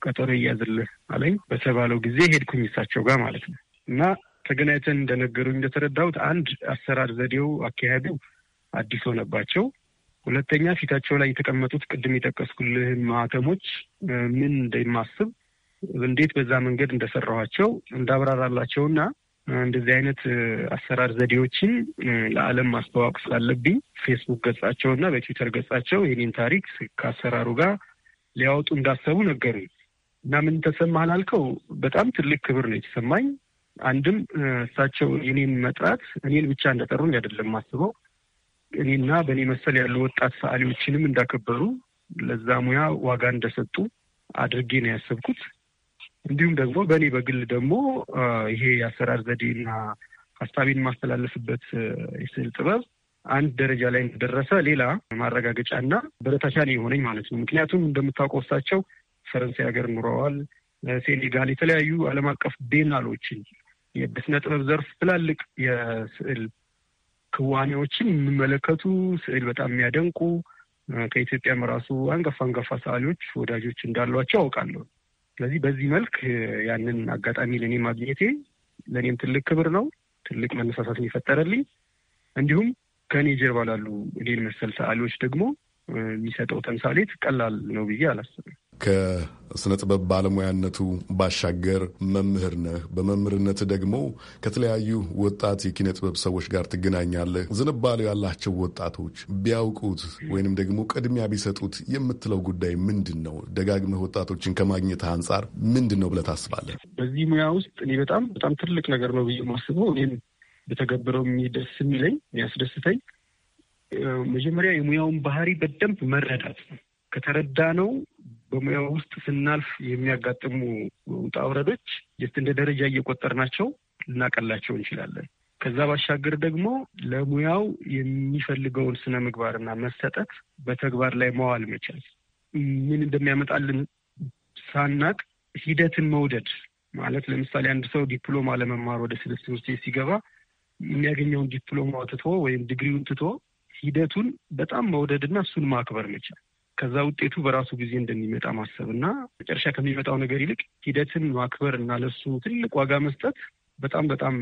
ቀጠሮ እያዝልህ አለኝ። በተባለው ጊዜ ሄድኩኝ እሳቸው ጋር ማለት ነው እና ተገናኝተን እንደነገሩኝ እንደተረዳሁት አንድ አሰራር ዘዴው አካሄዱ አዲስ ሆነባቸው። ሁለተኛ ፊታቸው ላይ የተቀመጡት ቅድም የጠቀስኩልህን ማህተሞች ምን እንደማስብ እንዴት በዛ መንገድ እንደሰራኋቸው እንዳብራራላቸውና እንደዚህ አይነት አሰራር ዘዴዎችን ለዓለም ማስተዋወቅ ስላለብኝ ፌስቡክ ገጻቸው እና በትዊተር ገጻቸው ይህንን ታሪክ ከአሰራሩ ጋር ሊያወጡ እንዳሰቡ ነገሩኝ እና ምን ተሰማህ ላልከው በጣም ትልቅ ክብር ነው የተሰማኝ። አንድም እሳቸው የኔን መጥራት እኔን ብቻ እንደጠሩኝ አይደለም ማስበው እኔና በእኔ መሰል ያሉ ወጣት ሰዓሊዎችንም እንዳከበሩ ለዛ ሙያ ዋጋ እንደሰጡ አድርጌ ነው ያሰብኩት። እንዲሁም ደግሞ በእኔ በግል ደግሞ ይሄ የአሰራር ዘዴና ሀሳቤን የማስተላለፍበት የስዕል ጥበብ አንድ ደረጃ ላይ እንደደረሰ ሌላ ማረጋገጫና በረታቻ የሆነኝ ማለት ነው። ምክንያቱም እንደምታውቀው እሳቸው ፈረንሳይ ሀገር ኑረዋል፣ ሴኔጋል፣ የተለያዩ ዓለም አቀፍ ቤናሎችን የስነ ጥበብ ዘርፍ ትላልቅ የስዕል ክዋኔዎችን የሚመለከቱ ስዕል በጣም የሚያደንቁ ከኢትዮጵያም ራሱ አንጋፋ አንጋፋ ሰዓሊዎች ወዳጆች እንዳሏቸው አውቃለሁ። ስለዚህ በዚህ መልክ ያንን አጋጣሚ ለእኔ ማግኘቴ ለእኔም ትልቅ ክብር ነው፣ ትልቅ መነሳሳትን ይፈጠረልኝ እንዲሁም ከእኔ ጀርባ ላሉ ሌል መሰል ሰዓሊዎች ደግሞ የሚሰጠው ተምሳሌት ቀላል ነው ብዬ አላስብም። ከስነ ጥበብ ባለሙያነቱ ባሻገር መምህር ነህ። በመምህርነት ደግሞ ከተለያዩ ወጣት የኪነ ጥበብ ሰዎች ጋር ትገናኛለህ። ዝንባሌው ያላቸው ወጣቶች ቢያውቁት ወይንም ደግሞ ቅድሚያ ቢሰጡት የምትለው ጉዳይ ምንድን ነው? ደጋግመህ ወጣቶችን ከማግኘት አንጻር ምንድን ነው ብለህ ታስባለህ? በዚህ ሙያ ውስጥ እኔ በጣም በጣም ትልቅ ነገር ነው ብዬ ማስበው እኔም በተገብረው የሚደስ የሚለኝ የሚያስደስተኝ መጀመሪያ የሙያውን ባህሪ በደንብ መረዳት ነው ከተረዳ ነው በሙያው ውስጥ ስናልፍ የሚያጋጥሙ ውጣ ውረዶች እንደ ደረጃ እየቆጠርናቸው ልናቀላቸው እንችላለን። ከዛ ባሻገር ደግሞ ለሙያው የሚፈልገውን ስነ ምግባርና መሰጠት በተግባር ላይ መዋል መቻል ምን እንደሚያመጣልን ሳናቅ ሂደትን መውደድ ማለት ለምሳሌ አንድ ሰው ዲፕሎማ ለመማር ወደ ስድስት ትምህርት ቤት ሲገባ የሚያገኘውን ዲፕሎማ ትቶ ወይም ዲግሪውን ትቶ ሂደቱን በጣም መውደድና እሱን ማክበር መቻል ከዛ ውጤቱ በራሱ ጊዜ እንደሚመጣ ማሰብ እና መጨረሻ ከሚመጣው ነገር ይልቅ ሂደትን ማክበር እና ለሱ ትልቅ ዋጋ መስጠት በጣም በጣም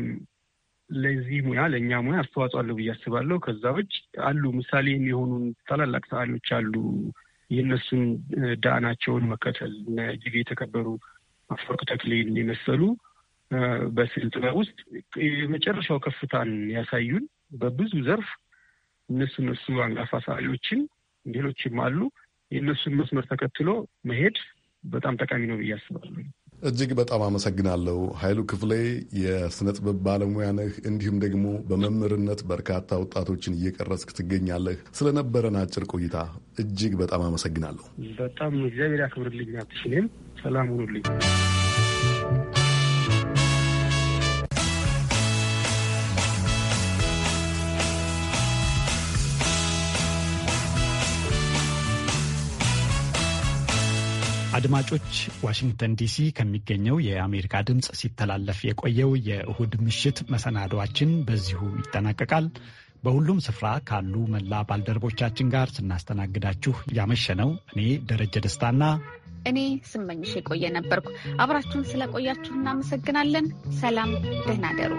ለዚህ ሙያ ለእኛ ሙያ አስተዋጽኦ አለው ብዬ አስባለሁ። ከዛ ውጭ አሉ ምሳሌ የሚሆኑን ታላላቅ ሰዓሊዎች አሉ። የእነሱን ዳናቸውን መከተል እጅግ የተከበሩ አፈወርቅ ተክሌን የመሰሉ በስዕል ጥበብ ውስጥ የመጨረሻው ከፍታን ያሳዩን በብዙ ዘርፍ እነሱ እነሱ አንጋፋ ሰዓሊዎችን ሌሎችም አሉ የእነሱን መስመር ተከትሎ መሄድ በጣም ጠቃሚ ነው ብዬ አስባለሁ። እጅግ በጣም አመሰግናለሁ። ኃይሉ ክፍሌ የስነ ጥበብ ባለሙያ ነህ፣ እንዲሁም ደግሞ በመምህርነት በርካታ ወጣቶችን እየቀረጽክ ትገኛለህ። ስለነበረን አጭር ቆይታ እጅግ በጣም አመሰግናለሁ። በጣም እግዚአብሔር ያክብርልኝ። አትሽኔም ሰላም ሁኑልኝ። አድማጮች፣ ዋሽንግተን ዲሲ ከሚገኘው የአሜሪካ ድምፅ ሲተላለፍ የቆየው የእሁድ ምሽት መሰናዶችን በዚሁ ይጠናቀቃል። በሁሉም ስፍራ ካሉ መላ ባልደረቦቻችን ጋር ስናስተናግዳችሁ ነው። እኔ ደረጀ ደስታና እኔ ስመኝሽ የቆየ ነበርኩ። አብራችሁን ስለቆያችሁ እናመሰግናለን። ሰላም፣ ደህና ደሩ።